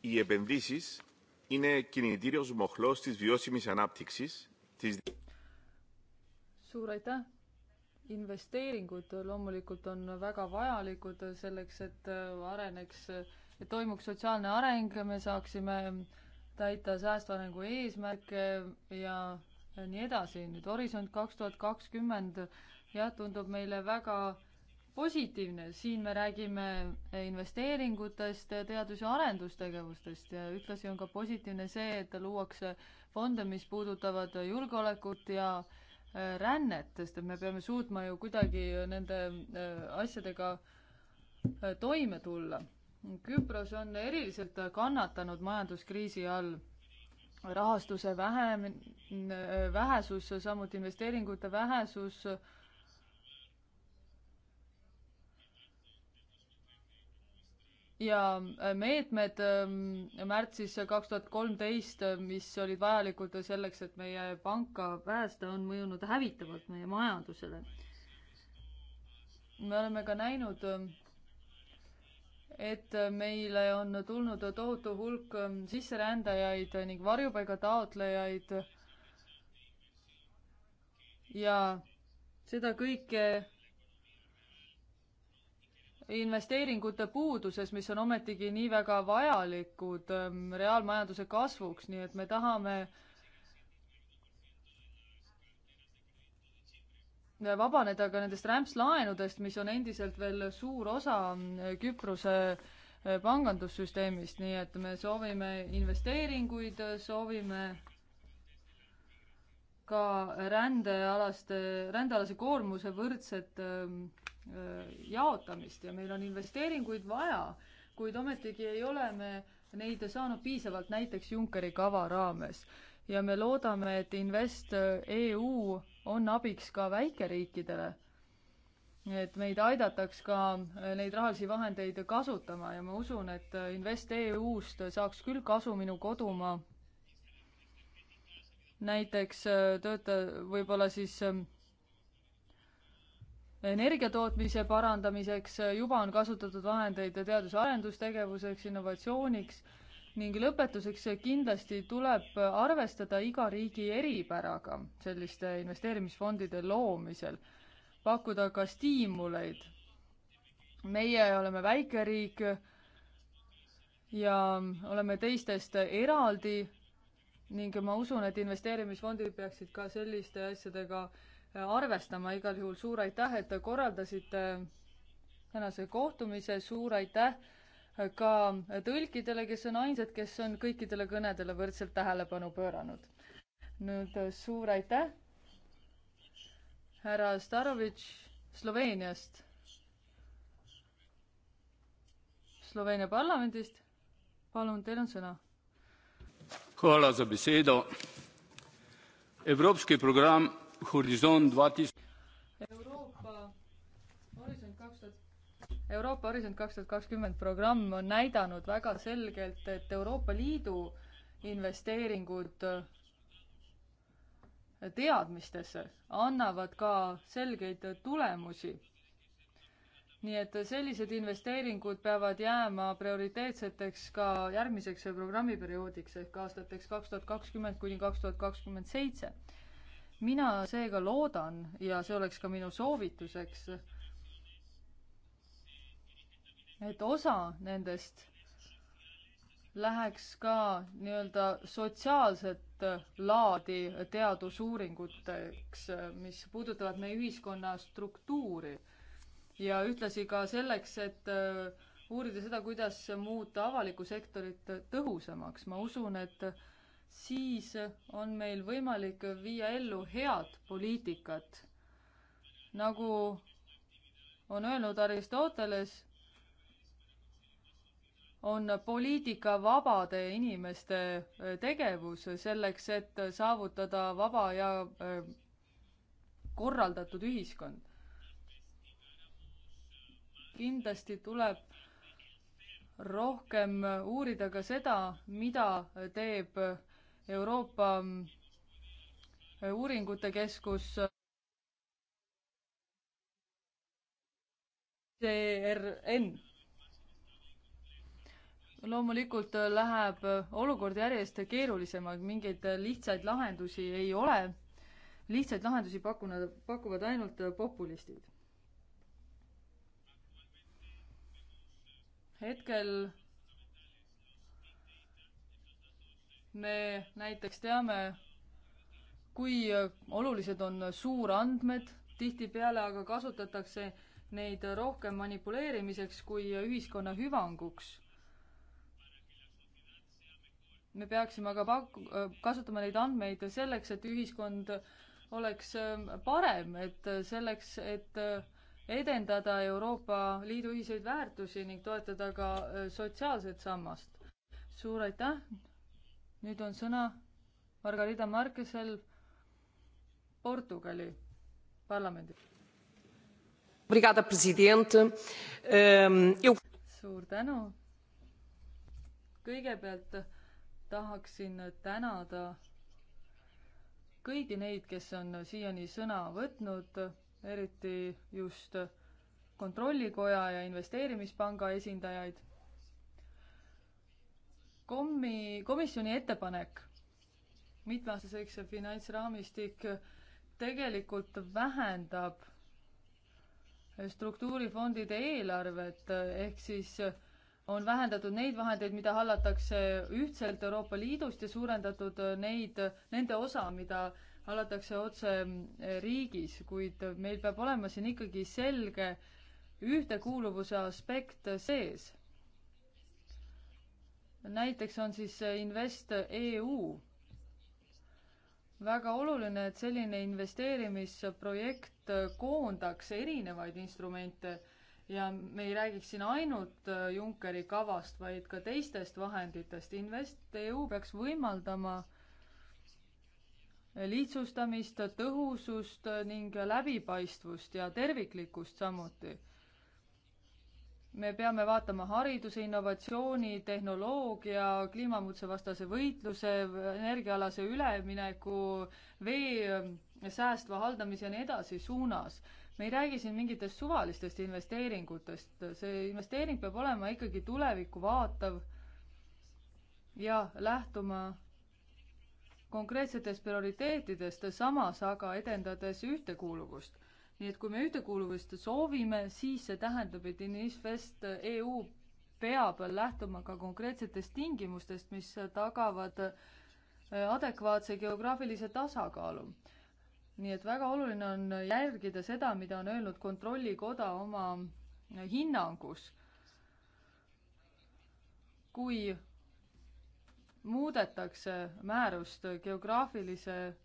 οι επενδύσεις είναι κινητήριος μοχλός της βιώσιμης ανάπτυξης. Της... Suur aitäh! investeeringud loomulikult on väga vajalikud selleks, et äh, areneks, et toimuks sotsiaalne areng, me saaksime täita säästva arengu eesmärke ja nii edasi. nüüd Horisont kaks tuhat kakskümmend jah, tundub meile väga positiivne, siin me räägime investeeringutest, teadus- ja arendustegevustest ja ühtlasi on ka positiivne see, et luuakse fonde, mis puudutavad julgeolekut ja äh, rännet, sest et me peame suutma ju kuidagi nende äh, asjadega äh, toime tulla. Küpros on eriliselt kannatanud majanduskriisi all rahastuse vähem, vähesus, samuti investeeringute vähesus ja äh, meetmed ähm, märtsis kaks tuhat kolmteist, äh, mis olid vajalikud selleks, et meie panka päästa, on mõjunud hävitavalt meie majandusele. me oleme ka näinud, äh, et meile on tulnud tohutu hulk ähm, sisserändajaid ning varjupaiga taotlejaid ja seda kõike investeeringute puuduses, mis on ometigi nii väga vajalikud ähm, reaalmajanduse kasvuks, nii et me tahame vabaneda ka nendest rämpslaenudest, mis on endiselt veel suur osa ähm, Küprose äh, pangandussüsteemist, nii et me soovime investeeringuid, soovime ka rändealaste, rändealase koormuse võrdset ähm, äh, jaotamist ja meil on investeeringuid vaja, kuid ometigi ei ole me neid saanud piisavalt näiteks Junckeri kava raames. ja me loodame, et InvestEU on abiks ka väikeriikidele. et meid aidataks ka äh, neid rahalisi vahendeid kasutama ja ma usun, et InvestEU-st saaks küll kasu minu kodumaa näiteks äh, tööta-, võib-olla siis ähm, energiatootmise parandamiseks, äh, juba on kasutatud vahendeid teadus- ja arendustegevuseks, innovatsiooniks ning lõpetuseks äh, kindlasti tuleb arvestada iga riigi eripäraga selliste investeerimisfondide loomisel, pakkuda ka stiimuleid. meie oleme väike riik ja oleme teistest eraldi ning ma usun, et investeerimisfondid peaksid ka selliste asjadega äh, arvestama, igal juhul suur aitäh, et te korraldasite äh, tänase kohtumise, suur aitäh äh, ka tõlkidele, kes on ainsad, kes on kõikidele kõnedele võrdselt tähelepanu pööranud. nüüd suur aitäh, härra Starovitš Sloveeniast, Sloveenia parlamendist, palun, teil on sõna Hvala za besedo. Evropski program Horizon 2000. Euroopa Horisont 2000. Euroopa Horisont kaks tuhat kakskümmend programm on näidanud väga selgelt, et Euroopa Liidu investeeringud teadmistesse annavad ka selgeid tulemusi nii et sellised investeeringud peavad jääma prioriteetseteks ka järgmiseks programmiperioodiks ehk aastateks kaks tuhat kakskümmend kuni kaks tuhat kakskümmend seitse. mina seega loodan ja see oleks ka minu soovituseks, et osa nendest läheks ka nii-öelda sotsiaalset laadi teadusuuringuteks, mis puudutavad meie ühiskonna struktuuri ja ühtlasi ka selleks, et äh, uurida seda, kuidas muuta avalikku sektorit tõhusamaks. ma usun, et siis on meil võimalik viia ellu head poliitikat. nagu on öelnud Aristoteles, on poliitika vabade inimeste äh, tegevus selleks, et saavutada vaba ja äh, korraldatud ühiskond kindlasti tuleb rohkem uurida ka seda, mida teeb Euroopa äh, Uuringute Keskus. CRN. loomulikult läheb olukord järjest keerulisemaks, mingeid lihtsaid lahendusi ei ole. lihtsaid lahendusi pakuna, pakuvad ainult populistid hetkel me näiteks teame, kui olulised on suurandmed, tihtipeale aga kasutatakse neid rohkem manipuleerimiseks kui ühiskonna hüvanguks. me peaksime aga pak-, kasutama neid andmeid selleks, et ühiskond oleks parem, et selleks, et edendada Euroopa Liidu ühiseid väärtusi ning toetada ka äh, sotsiaalset sammast. suur aitäh. nüüd on sõna Margarita Markesel Portugali parlamendil. Ehm, suur tänu. kõigepealt tahaksin tänada kõigi neid, kes on siiani sõna võtnud eriti just kontrollikoja ja investeerimispanga esindajaid. Kommi, komisjoni ettepanek mitmeaastaseks finantsraamistik tegelikult vähendab struktuurifondide eelarvet, ehk siis on vähendatud neid vahendeid, mida hallatakse ühtselt Euroopa Liidust ja suurendatud neid, nende osa, mida äh, hallatakse otse eh, riigis, kuid meil peab olema siin ikkagi selge ühtekuuluvuse aspekt sees. näiteks on siis Invest EU. väga oluline, et selline investeerimisprojekt koondaks erinevaid instrumente ja me ei räägiks siin ainult eh, Junckeri kavast, vaid ka teistest vahenditest. Invest EU peaks võimaldama lihtsustamist, tõhusust ning läbipaistvust ja terviklikkust samuti. me peame vaatama hariduse, innovatsiooni, tehnoloogia, kliimamuutuse-vastase võitluse, energiaalase ülemineku, vee säästva haldamise ja nii edasi suunas me ei räägi siin mingitest suvalistest investeeringutest, see investeering peab olema ikkagi tulevikku vaatav ja lähtuma konkreetsetest prioriteetidest, samas aga edendades ühtekuuluvust. nii et kui me ühtekuuluvust soovime, siis see tähendab, et Invest EU peab lähtuma ka konkreetsetest tingimustest, mis tagavad äh, adekvaatse geograafilise tasakaalu. nii et väga oluline on järgida seda, mida on öelnud Kontrollikoda oma hinnangus. kui muudetakse määrust geograafilise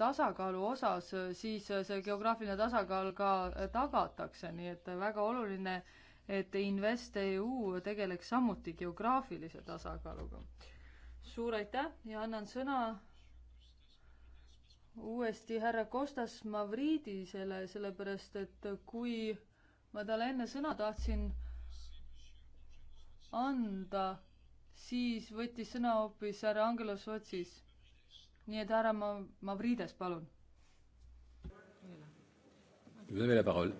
tasakaalu osas, siis see geograafiline tasakaal ka tagatakse, nii et väga oluline, et InvestEU tegeleks samuti geograafilise tasakaaluga. suur aitäh ja annan sõna uuesti härra Kostas Mavridisele, sellepärast et kui ma talle enne sõna tahtsin anda, siis võttis sõna hoopis härra Angelos Otsis. nii et härra Ma-, Mavrides, palun. Vous avez la parole.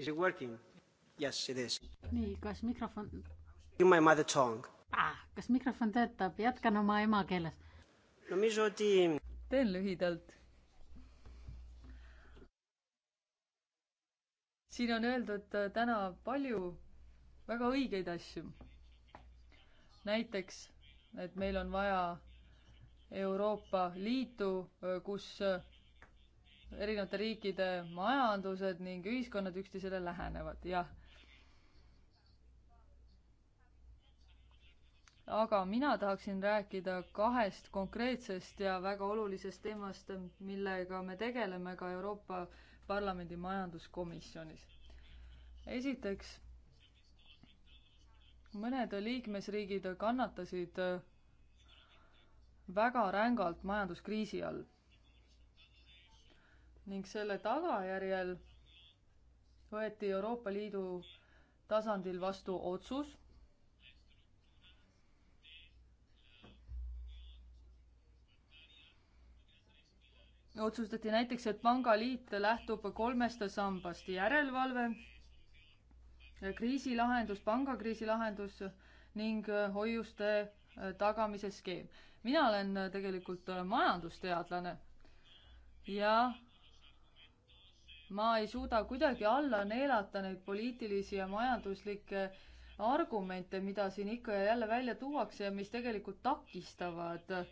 Is it working? Yes, it is. nii, kas mikrofon? In my mother tongue ah,. kas mikrofon töötab, jätkan oma emakeeles. no mis oli? teen lühidalt siin on öeldud äh, täna palju väga õigeid asju. näiteks, et meil on vaja Euroopa Liitu, äh, kus äh, erinevate riikide majandused ning ühiskonnad üksteisele lähenevad, jah. aga mina tahaksin rääkida kahest konkreetsest ja väga olulisest teemast, millega me tegeleme ka Euroopa äh, parlamendi majanduskomisjonis. esiteks, mõned liikmesriigid kannatasid äh, väga rängalt majanduskriisi all. ning selle tagajärjel võeti Euroopa Liidu tasandil vastu otsus otsustati näiteks, et pangaliit lähtub kolmest sambast, järelevalve, kriisilahendus, pangakriisi lahendus ning hoiuste tagamise skeem. mina olen tegelikult majandusteadlane ja ma ei suuda kuidagi alla neelata neid poliitilisi ja majanduslikke argumente, mida siin ikka ja jälle välja tuuakse ja mis tegelikult takistavad äh,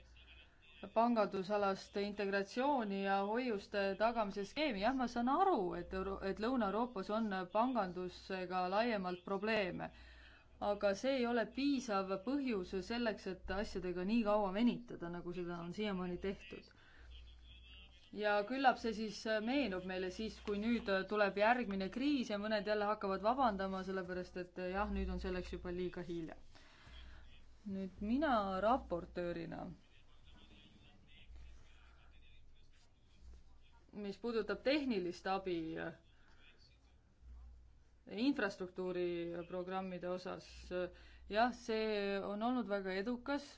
pangandusalast integratsiooni ja hoiuste tagamise skeemi, jah, ma saan aru, et Euro-, et Lõuna-Euroopas on pangandusega laiemalt probleeme. aga see ei ole piisav põhjus selleks, et asjadega nii kaua venitada, nagu seda on siiamaani tehtud. ja küllap see siis meenub meile siis, kui nüüd tuleb järgmine kriis ja mõned jälle hakkavad vabandama, sellepärast et jah, nüüd on selleks juba liiga hilja. nüüd mina raportöörina mis puudutab tehnilist abi äh, infrastruktuuri programmide osas, äh, jah, see on olnud väga edukas.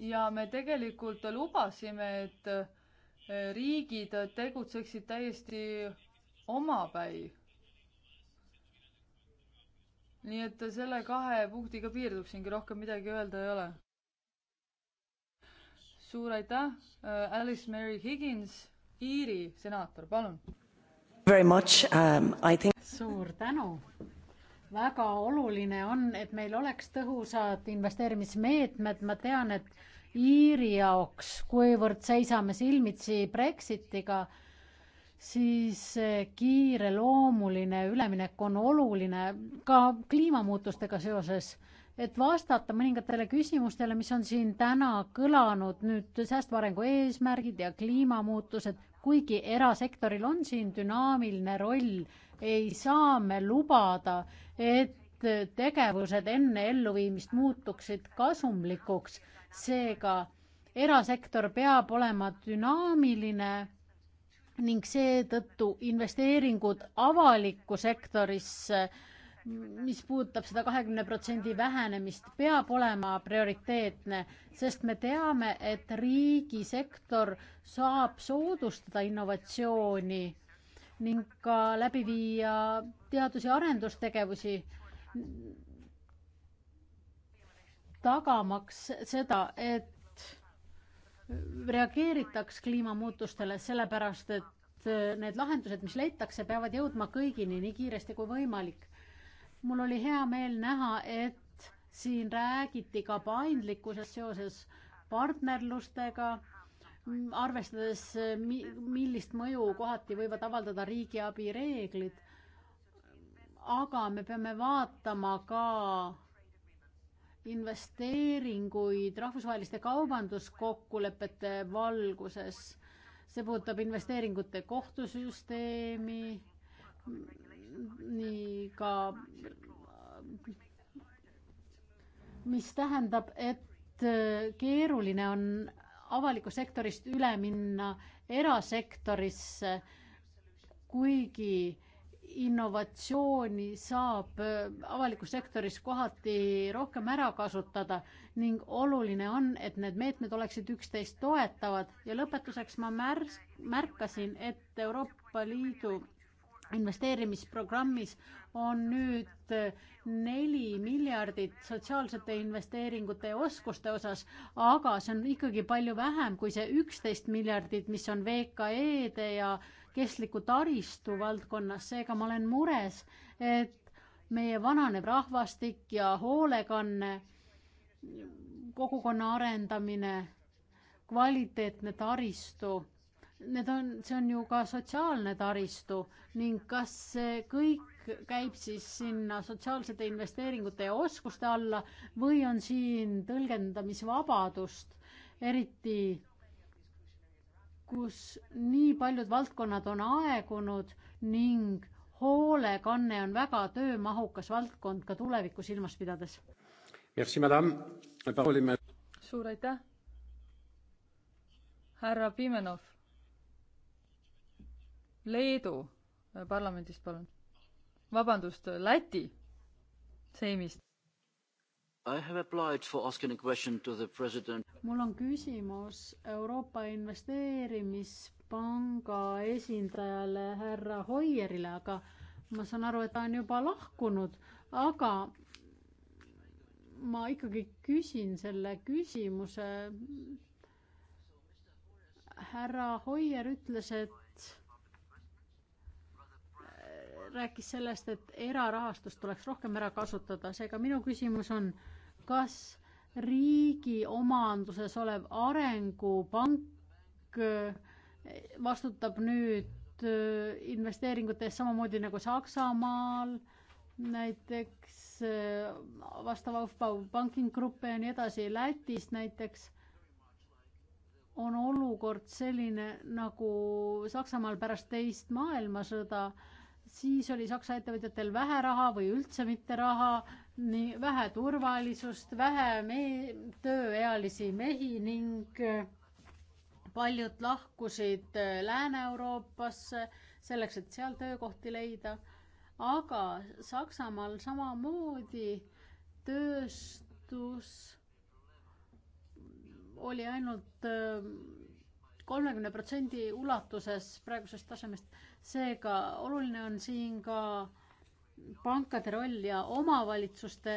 ja me tegelikult lubasime, et äh, riigid tegutseksid täiesti omapäi nii et selle kahe punktiga piirduksingi, rohkem midagi öelda ei ole. suur aitäh, äh, Alice Mary Higgins, Iiri senaator, palun. Very much um,, I think. suur tänu väga oluline on, et meil oleks tõhusad investeerimismeetmed, ma tean, et Iiri jaoks, kuivõrd seisame silmitsi Brexitiga, siis kiireloomuline üleminek on oluline ka kliimamuutustega seoses, et vastata mõningatele küsimustele, mis on siin täna kõlanud, nüüd säästva arengu eesmärgid ja kliimamuutused, kuigi erasektoril on siin dünaamiline roll, ei saa me lubada, et tegevused enne elluviimist muutuksid kasumlikuks, seega erasektor peab olema dünaamiline ning seetõttu investeeringud avalikku sektorisse, mis puudutab seda kahekümne protsendi vähenemist, peab olema prioriteetne, sest me teame, et riigisektor saab soodustada innovatsiooni ning ka läbi viia teadus- ja arendustegevusi, tagamaks seda, et reageeritaks kliimamuutustele, sellepärast et äh, need lahendused, mis leitakse, peavad jõudma kõigini nii kiiresti kui võimalik. mul oli hea meel näha, et siin räägiti ka paindlikkusest seoses partnerlustega, arvestades, äh, millist mõju kohati võivad avaldada riigiabi reeglid. aga me peame vaatama ka investeeringuid rahvusvaheliste kaubanduskokkulepete valguses. see puudutab investeeringute kohtusüsteemi, nii ka, mis tähendab, et keeruline on avalikust sektorist üle minna erasektorisse, kuigi äh, innovatsiooni saab äh, avalikus sektoris kohati rohkem ära kasutada ning oluline on, et need meetmed oleksid üksteist toetavad ja lõpetuseks ma märs-, märkasin, et Euroopa Liidu investeerimisprogrammis on nüüd äh, neli miljardit sotsiaalsete investeeringute ja oskuste osas, aga see on ikkagi palju vähem kui see üksteist miljardit, mis on VKE-de ja äh, kestliku taristu valdkonnas, seega ma olen mures, et meie vananev rahvastik ja hoolekanne, kogukonna arendamine, kvaliteetne taristu, need on, see on ju ka sotsiaalne taristu ning kas see kõik käib siis sinna sotsiaalsete investeeringute ja oskuste alla või on siin tõlgendamisvabadust, eriti kus nii paljud valdkonnad on aegunud ning hoolekanne on väga töömahukas valdkond ka tulevikku silmas pidades. suur aitäh. härra Pimenov. Leedu parlamendist, palun. vabandust, Läti seimist. I have applied for asking a question to the president mul on küsimus Euroopa Investeerimispanga esindajale härra Hoierile, aga ma saan aru, et ta on juba lahkunud, aga ma ikkagi küsin selle küsimuse. härra Hoier ütles, et äh, rääkis sellest, et erarahastust tuleks rohkem ära kasutada, seega minu küsimus on, kas riigi omanduses olev arengupank eh, vastutab nüüd eh, investeeringute eest samamoodi nagu Saksamaal näiteks eh, vastav Aufbau Banking Gruppe ja nii edasi, Lätis näiteks on olukord selline nagu Saksamaal pärast teist maailmasõda, siis oli Saksa ettevõtjatel vähe raha või üldse mitte raha nii vähe turvalisust, vähe me-, tööealisi mehi ning äh, paljud lahkusid äh, Lääne-Euroopasse selleks, et seal töökohti leida. aga Saksamaal samamoodi tööstus oli ainult äh, kolmekümne protsendi ulatuses praegusest tasemest. seega oluline on siin ka pankade roll ja omavalitsuste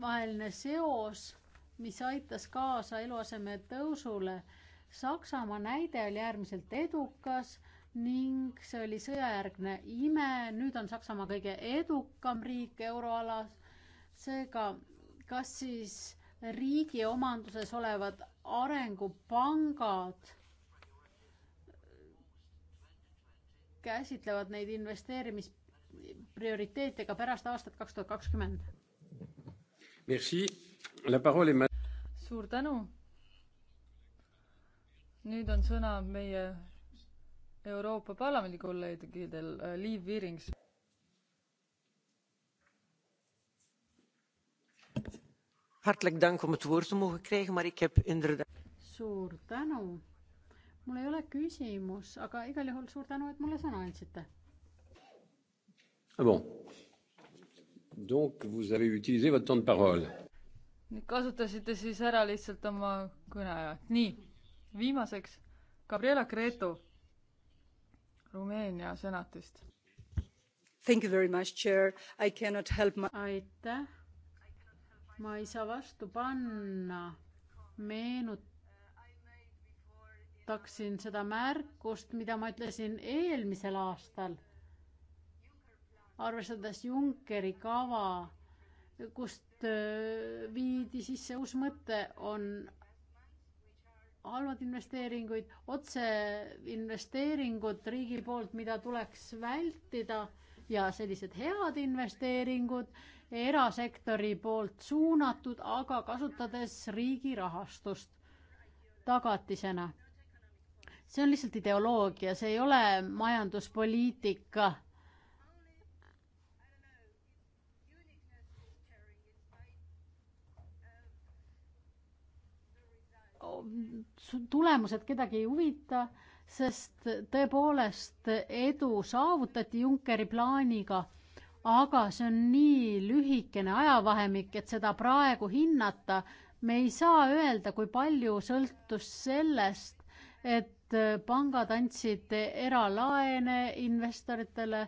vaheline seos, mis aitas kaasa eluaseme tõusule. Saksamaa näide oli äärmiselt edukas ning see oli sõjajärgne ime, nüüd on Saksamaa kõige edukam riik euroalas. seega, kas siis riigi omanduses olevad arengupangad käsitlevad neid investeerimis prioriteetidega pärast aastat kaks tuhat kakskümmend. suur tänu. nüüd on sõna meie Euroopa Parlamendi kolleegidel äh, Liiv Viirings. hartelijk dank om het woord te mogen krijgen, maar ik heb inderdaad. suur tänu. mul ei ole küsimus, aga igal juhul suur tänu, et mulle sõna andsite Ah bon. Donc vous avez utilisé votre temps de parole. kasutasite siis ära lihtsalt oma kõneaja. nii, viimaseks Gabriela Cretu Rumeenia senatist. Thank you very much, chair, I cannot help my. aitäh. ma ei saa vastu panna, meenutaksin seda märkust, mida ma ütlesin eelmisel aastal arvestades Junckeri kava, kust äh, viidi sisse uus mõte, on halvad investeeringuid, otseinvesteeringud riigi poolt, mida tuleks vältida ja sellised head investeeringud erasektori poolt suunatud, aga kasutades riigi rahastust tagatisena. see on lihtsalt ideoloogia, see ei ole majanduspoliitika tulemused kedagi ei huvita, sest tõepoolest edu saavutati Junckeri plaaniga, aga see on nii lühikene ajavahemik, et seda praegu hinnata, me ei saa öelda, kui palju sõltus sellest, et pangad andsid eralaene investoritele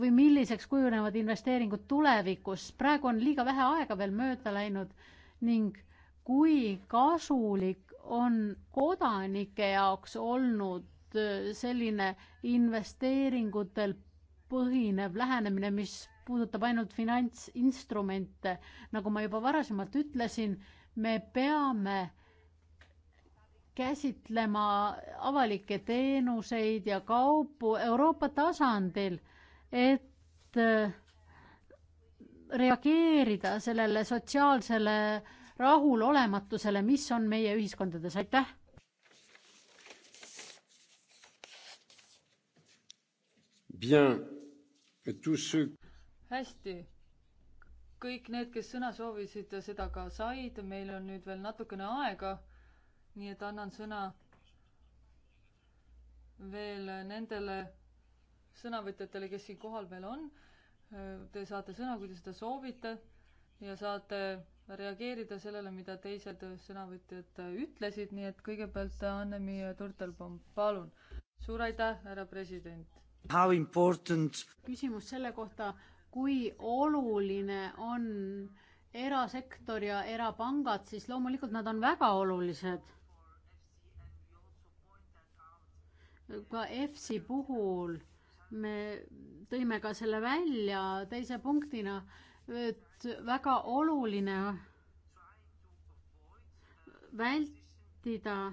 või milliseks kujunevad investeeringud tulevikus. praegu on liiga vähe aega veel mööda läinud ning kui kasulik on kodanike jaoks olnud äh, selline investeeringutel põhinev lähenemine, mis puudutab ainult finantsinstrumente. nagu ma juba varasemalt ütlesin, me peame käsitlema avalikke teenuseid ja kaupu Euroopa tasandil, et äh, reageerida sellele sotsiaalsele äh, rahulolematusele, mis on meie ühiskondades, aitäh! hästi, kõik need, kes sõna soovisid, seda ka said, meil on nüüd veel natukene aega, nii et annan sõna veel nendele sõnavõtjatele, kes siin kohal veel on. Te saate sõna, kui te seda soovite ja saate reageerida sellele, mida teised sõnavõtjad ütlesid, nii et kõigepealt Anne-Mi Turtelbaum, palun. suur aitäh, härra president. küsimus selle kohta, kui oluline on erasektor ja erapangad, siis loomulikult nad on väga olulised. ka EFSi puhul me tõime ka selle välja teise punktina et väga oluline vältida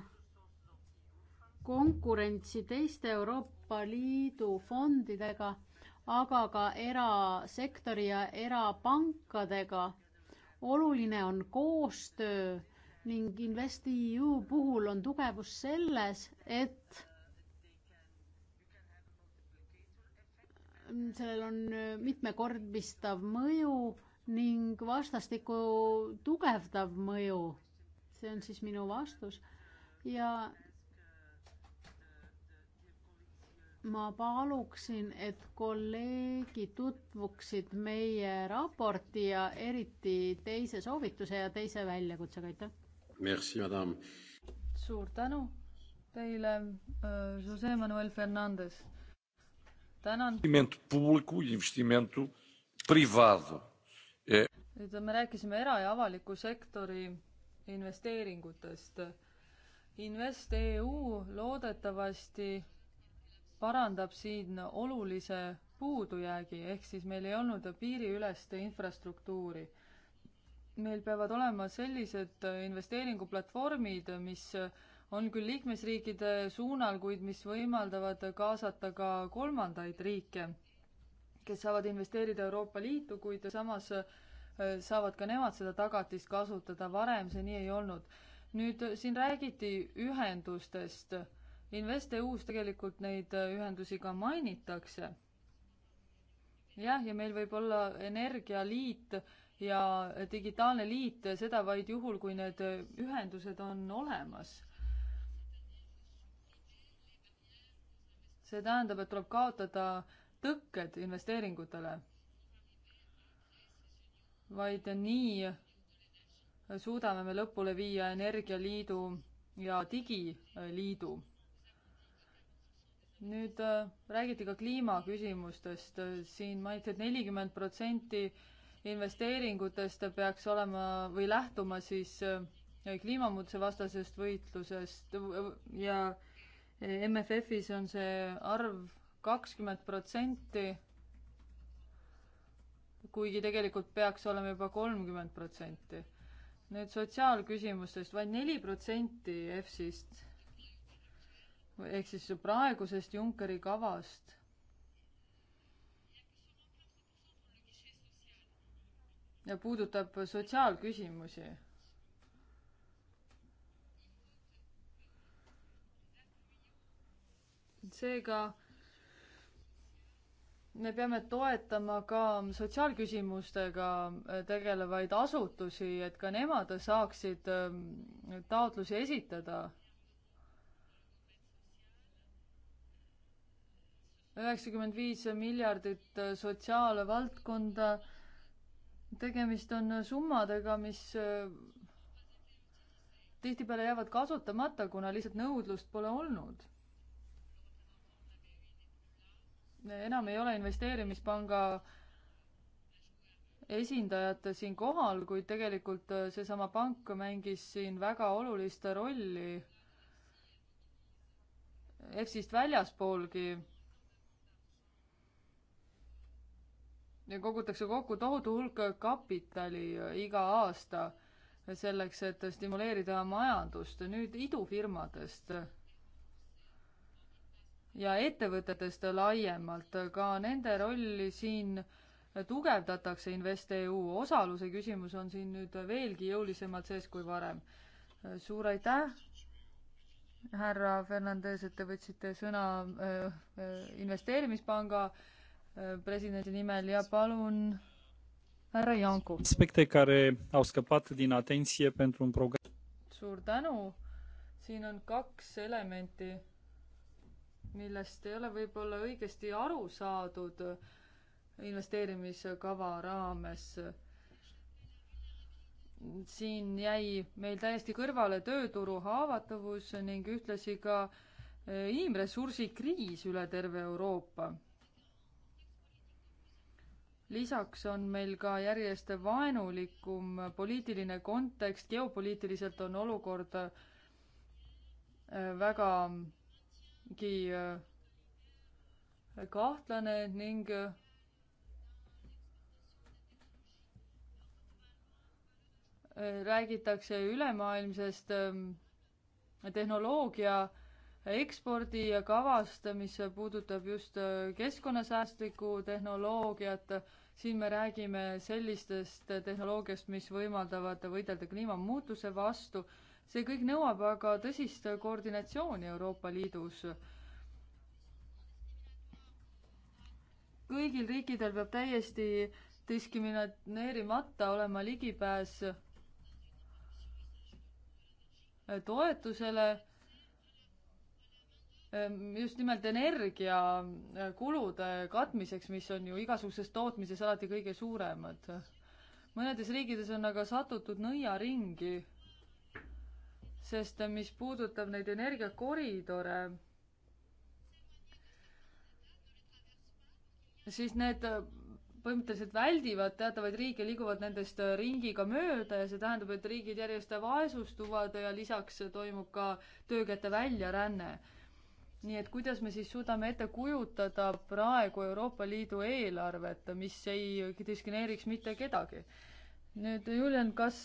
konkurentsi teiste Euroopa Liidu fondidega, aga ka erasektori ja erapankadega. oluline on koostöö ning InvestEU puhul on tugevus selles, et sellel on äh, mitmekordistav mõju ning vastastikku tugevdav mõju. see on siis minu vastus ja ma paluksin, et kolleegid tutvuksid meie raporti ja eriti teise soovituse ja teise väljakutsega, aitäh. Merci, madame. suur tänu teile, äh, Jose Manuel Fernandez tänan. E nüüd me rääkisime era- ja avaliku sektori investeeringutest. InvestEU loodetavasti parandab siin olulise puudujäägi, ehk siis meil ei olnud piiriülest infrastruktuuri meil peavad olema sellised investeeringuplatvormid, mis on küll liikmesriikide suunal, kuid mis võimaldavad kaasata ka kolmandaid riike, kes saavad investeerida Euroopa Liitu, kuid samas äh, saavad ka nemad seda tagatist kasutada, varem see nii ei olnud. nüüd siin räägiti ühendustest. InvestEU-s tegelikult neid äh, ühendusi ka mainitakse. jah, ja meil võib olla energialiit ja digitaalne liit, seda vaid juhul, kui need äh, ühendused on olemas. see tähendab, et tuleb kaotada tõkked investeeringutele. vaid nii suudame me lõpule viia Energialiidu ja Digiliidu. nüüd äh, räägiti ka kliimaküsimustest, siin mainiti et, et nelikümmend protsenti investeeringutest peaks olema või lähtuma siis äh, kliimamuutuse vastasest võitlusest äh, ja äh, MFF-is on see arv kakskümmend protsenti, kuigi tegelikult peaks olema juba kolmkümmend protsenti. nüüd sotsiaalküsimustest vaid neli protsenti EFSist ehk siis praegusest Junckeri kavast ja puudutab sotsiaalküsimusi seega me peame toetama ka sotsiaalküsimustega tegelevaid asutusi, et ka nemad saaksid ähm, taotlusi esitada. üheksakümmend viis miljardit sotsiaalvaldkonda, tegemist on summadega, mis äh, tihtipeale jäävad kasutamata, kuna lihtsalt nõudlust pole olnud enam ei ole investeerimispanga esindajat siin kohal, kuid tegelikult äh, seesama pank mängis siin väga olulist rolli EFSist väljaspoolgi. ja kogutakse kokku tohutu hulk kapitali äh, iga aasta selleks, et stimuleerida majandust. nüüd idufirmadest ja ettevõtetest laiemalt, ka nende rolli siin tugevdatakse, InvestEU osaluse küsimus on siin nüüd veelgi jõulisemalt sees kui varem. suur aitäh, härra Fernandes, et te võtsite sõna äh, äh, investeerimispanga äh, presidendi nimel ja palun härra Janku. aspekte, care au scăpat din atenție pentru un program. suur tänu, siin on kaks elementi millest ei ole võib-olla õigesti aru saadud investeerimiskava raames. siin jäi meil täiesti kõrvale tööturu haavatavus ning ühtlasi ka eh, inimressursi kriis üle terve Euroopa. lisaks on meil ka järjest vaenulikum poliitiline kontekst, geopoliitiliselt on olukord eh, väga mingi äh, kahtlane ning äh, räägitakse ülemaailmsest ähm, tehnoloogia ekspordi kavast, mis puudutab just äh, keskkonnasäästlikku tehnoloogiat. siin me räägime sellistest tehnoloogiast, mis võimaldavad võidelda kliimamuutuse vastu see kõik nõuab aga tõsist koordinatsiooni Euroopa Liidus. kõigil riikidel peab täiesti diskrimineerimata olema ligipääs toetusele just nimelt energiakulude katmiseks, mis on ju igasuguses tootmises alati kõige suuremad. mõnedes riikides on aga satutud nõiaringi sest mis puudutab neid energiakoridore, siis need põhimõtteliselt väldivad teatavaid riike, liiguvad nendest ringiga mööda ja see tähendab, et riigid järjest vaesustuvad ja lisaks toimub ka töökäte väljaränne. nii et kuidas me siis suudame ette kujutada praegu Euroopa Liidu eelarvet, mis ei diskrimineeriks mitte kedagi? nüüd Julian, kas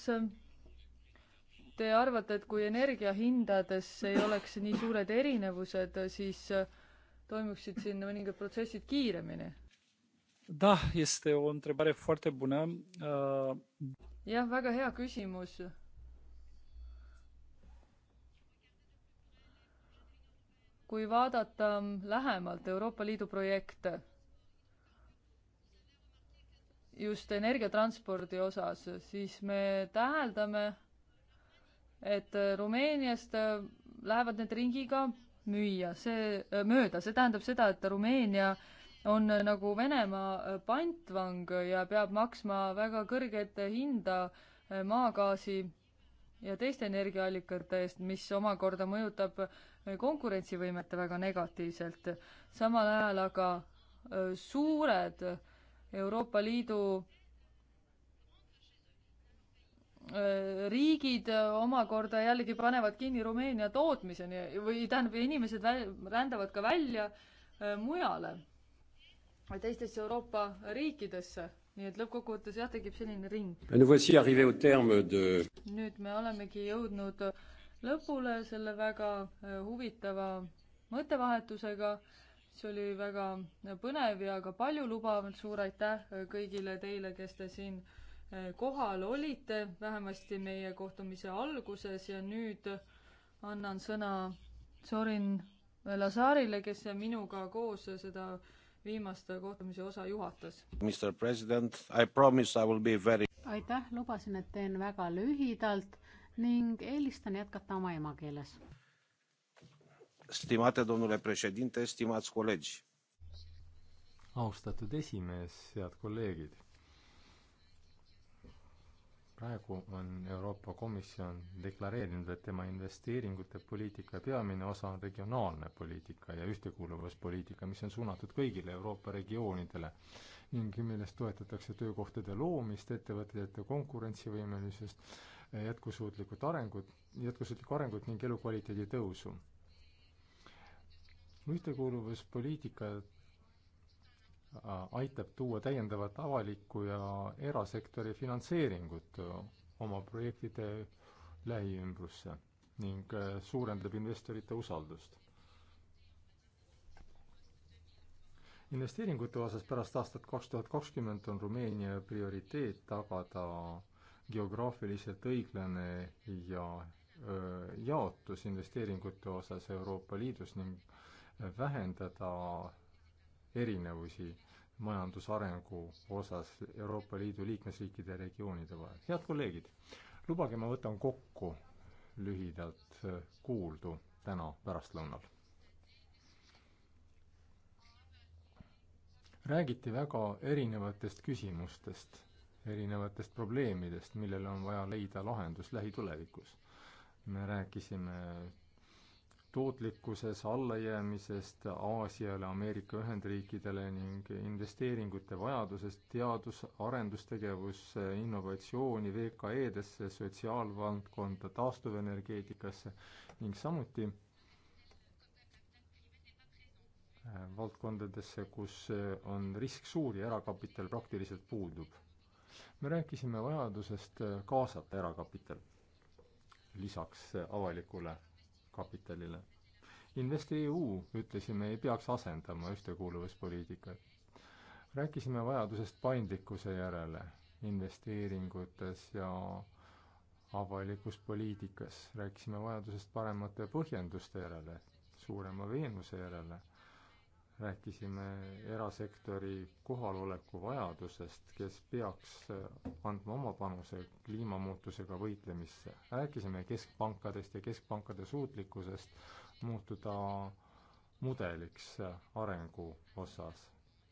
Te arvate, et kui energiahindades ei oleks nii suured erinevused, siis äh, toimuksid siin mõningad protsessid kiiremini? Da, este o întrebare foarte bună. Uh... Jah, väga hea küsimus. kui vaadata mm, lähemalt Euroopa Liidu projekte, just energiatranspordi osas, siis me täheldame et äh, Rumeeniast äh, lähevad need ringiga müüa, see, äh, mööda, see tähendab seda, et Rumeenia on nagu Venemaa pantvang ja peab maksma väga kõrget hinda maagaasi ja teiste energiaallikate eest, mis omakorda mõjutab konkurentsivõimet väga negatiivselt. samal ajal aga suured Euroopa Liidu Äh, riigid äh, omakorda jällegi panevad kinni Rumeenia tootmiseni või tähendab, inimesed väl, rändavad ka välja äh, mujale, teistesse Euroopa riikidesse. nii et lõppkokkuvõttes jah, tekib selline ring. nüüd me olemegi jõudnud lõpule selle väga huvitava mõttevahetusega see oli väga põnev ja ka paljulubav, suur aitäh kõigile teile, kes te siin kohal olite, vähemasti meie kohtumise alguses ja nüüd annan sõna Sorin Lazarile, kes minuga koos seda viimast kohtumise osa juhatas. Very... aitäh, lubasin, et teen väga lühidalt ning eelistan jätkata oma emakeeles. austatud esimees, head kolleegid praegu on Euroopa Komisjon deklareerinud, et tema investeeringute poliitika peamine osa on regionaalne poliitika ja ühtekuuluvuspoliitika, mis on suunatud kõigile Euroopa regioonidele ning millest toetatakse töökohtade loomist, ettevõtete konkurentsivõimelisust, jätkusuutlikut arengut, jätkusuutlikku arengut ning elukvaliteedi tõusu. ühtekuuluvuspoliitikat Äh, aitab tuua täiendavat avalikku ja erasektori finantseeringut äh, oma projektide lähiümbrusse ning äh, suurendab investorite usaldust. investeeringute osas pärast aastat kaks tuhat kakskümmend on Rumeenia prioriteet tagada geograafiliselt õiglane ja jaotus investeeringute osas Euroopa Liidus ning vähendada erinevusi majandusarengu osas Euroopa Liidu liikmesriikide ja regioonide vahel. head kolleegid, lubage, ma võtan kokku lühidalt äh, kuuldu täna pärastlõunal. räägiti väga erinevatest küsimustest, erinevatest probleemidest, millele on vaja leida lahendus lähitulevikus. me rääkisime tootlikkuses allajäämisest Aasiale, Ameerika Ühendriikidele ning investeeringute vajadusest teadus-, arendustegevusse, innovatsiooni VKE-desse, sotsiaalvaldkonda, taastuvenergeetikasse ning samuti äh, valdkondadesse, kus äh, on risk suur ja erakapital praktiliselt puudub. me rääkisime vajadusest äh, kaasata erakapital lisaks avalikule kapitalile. InvestEU, ütlesime, ei peaks asendama ühtekuuluvuspoliitikat. rääkisime vajadusest paindlikkuse järele investeeringutes ja avalikus poliitikas, rääkisime vajadusest paremate põhjenduste järele, suurema veenvuse järele rääkisime erasektori kohaloleku vajadusest, kes peaks andma oma panuse kliimamuutusega võitlemisse. rääkisime keskpankadest ja keskpankade suutlikkusest muutuda mudeliks arengu osas.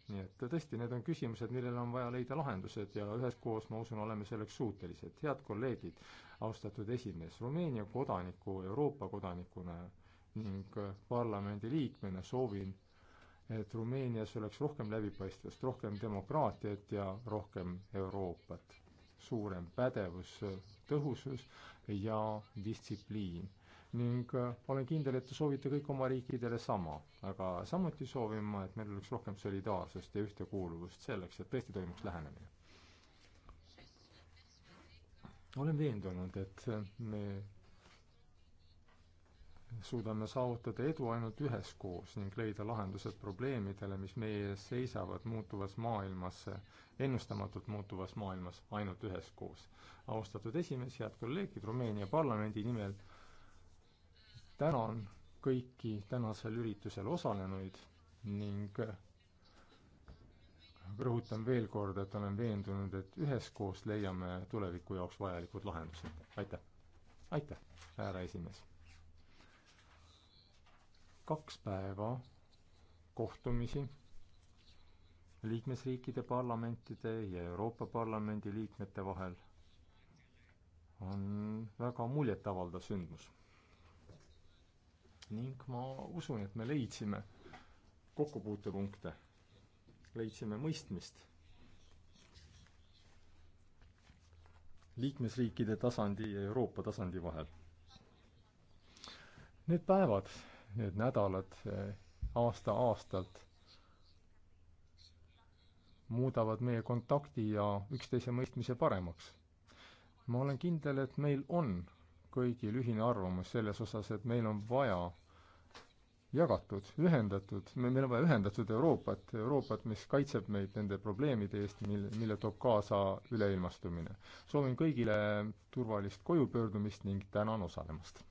nii et tõesti, need on küsimused, millele on vaja leida lahendused ja üheskoos, ma usun, oleme selleks suutelised. head kolleegid, austatud esimees, Rumeenia kodaniku, Euroopa kodanikuna ning parlamendi liikmena soovin et Rumeenias oleks rohkem läbipaistvust, rohkem demokraatiat ja rohkem Euroopat. suurem pädevus, tõhusus ja distsipliin. ning äh, olen kindel, et te soovite kõik oma riikidele sama, aga samuti soovin ma, et meil oleks rohkem solidaarsust ja ühtekuuluvust selleks, et tõesti toimuks lähenemine. olen veendunud, et me suudame saavutada edu ainult üheskoos ning leida lahendused probleemidele, mis meie ees seisavad muutuvas maailmas, ennustamatult muutuvas maailmas, ainult üheskoos. austatud esimees, head kolleegid, Rumeenia parlamendi nimel tänan kõiki tänasel üritusel osalenuid ning rõhutan veel kord, et olen veendunud, et üheskoos leiame tuleviku jaoks vajalikud lahendused. aitäh! aitäh, härra esimees! kaks päeva kohtumisi liikmesriikide parlamentide ja Euroopa Parlamendi liikmete vahel on väga muljetavaldav sündmus. ning ma usun, et me leidsime kokkupuutepunkte, leidsime mõistmist liikmesriikide tasandi ja Euroopa tasandi vahel. Need päevad need nädalad aasta-aastalt muudavad meie kontakti ja üksteise mõistmise paremaks. ma olen kindel, et meil on kõigil ühine arvamus selles osas, et meil on vaja jagatud, ühendatud, meil on vaja ühendatud Euroopat, Euroopat, mis kaitseb meid nende probleemide eest, mil, mille toob kaasa üleilmastumine. soovin kõigile turvalist koju pöördumist ning tänan osalemast!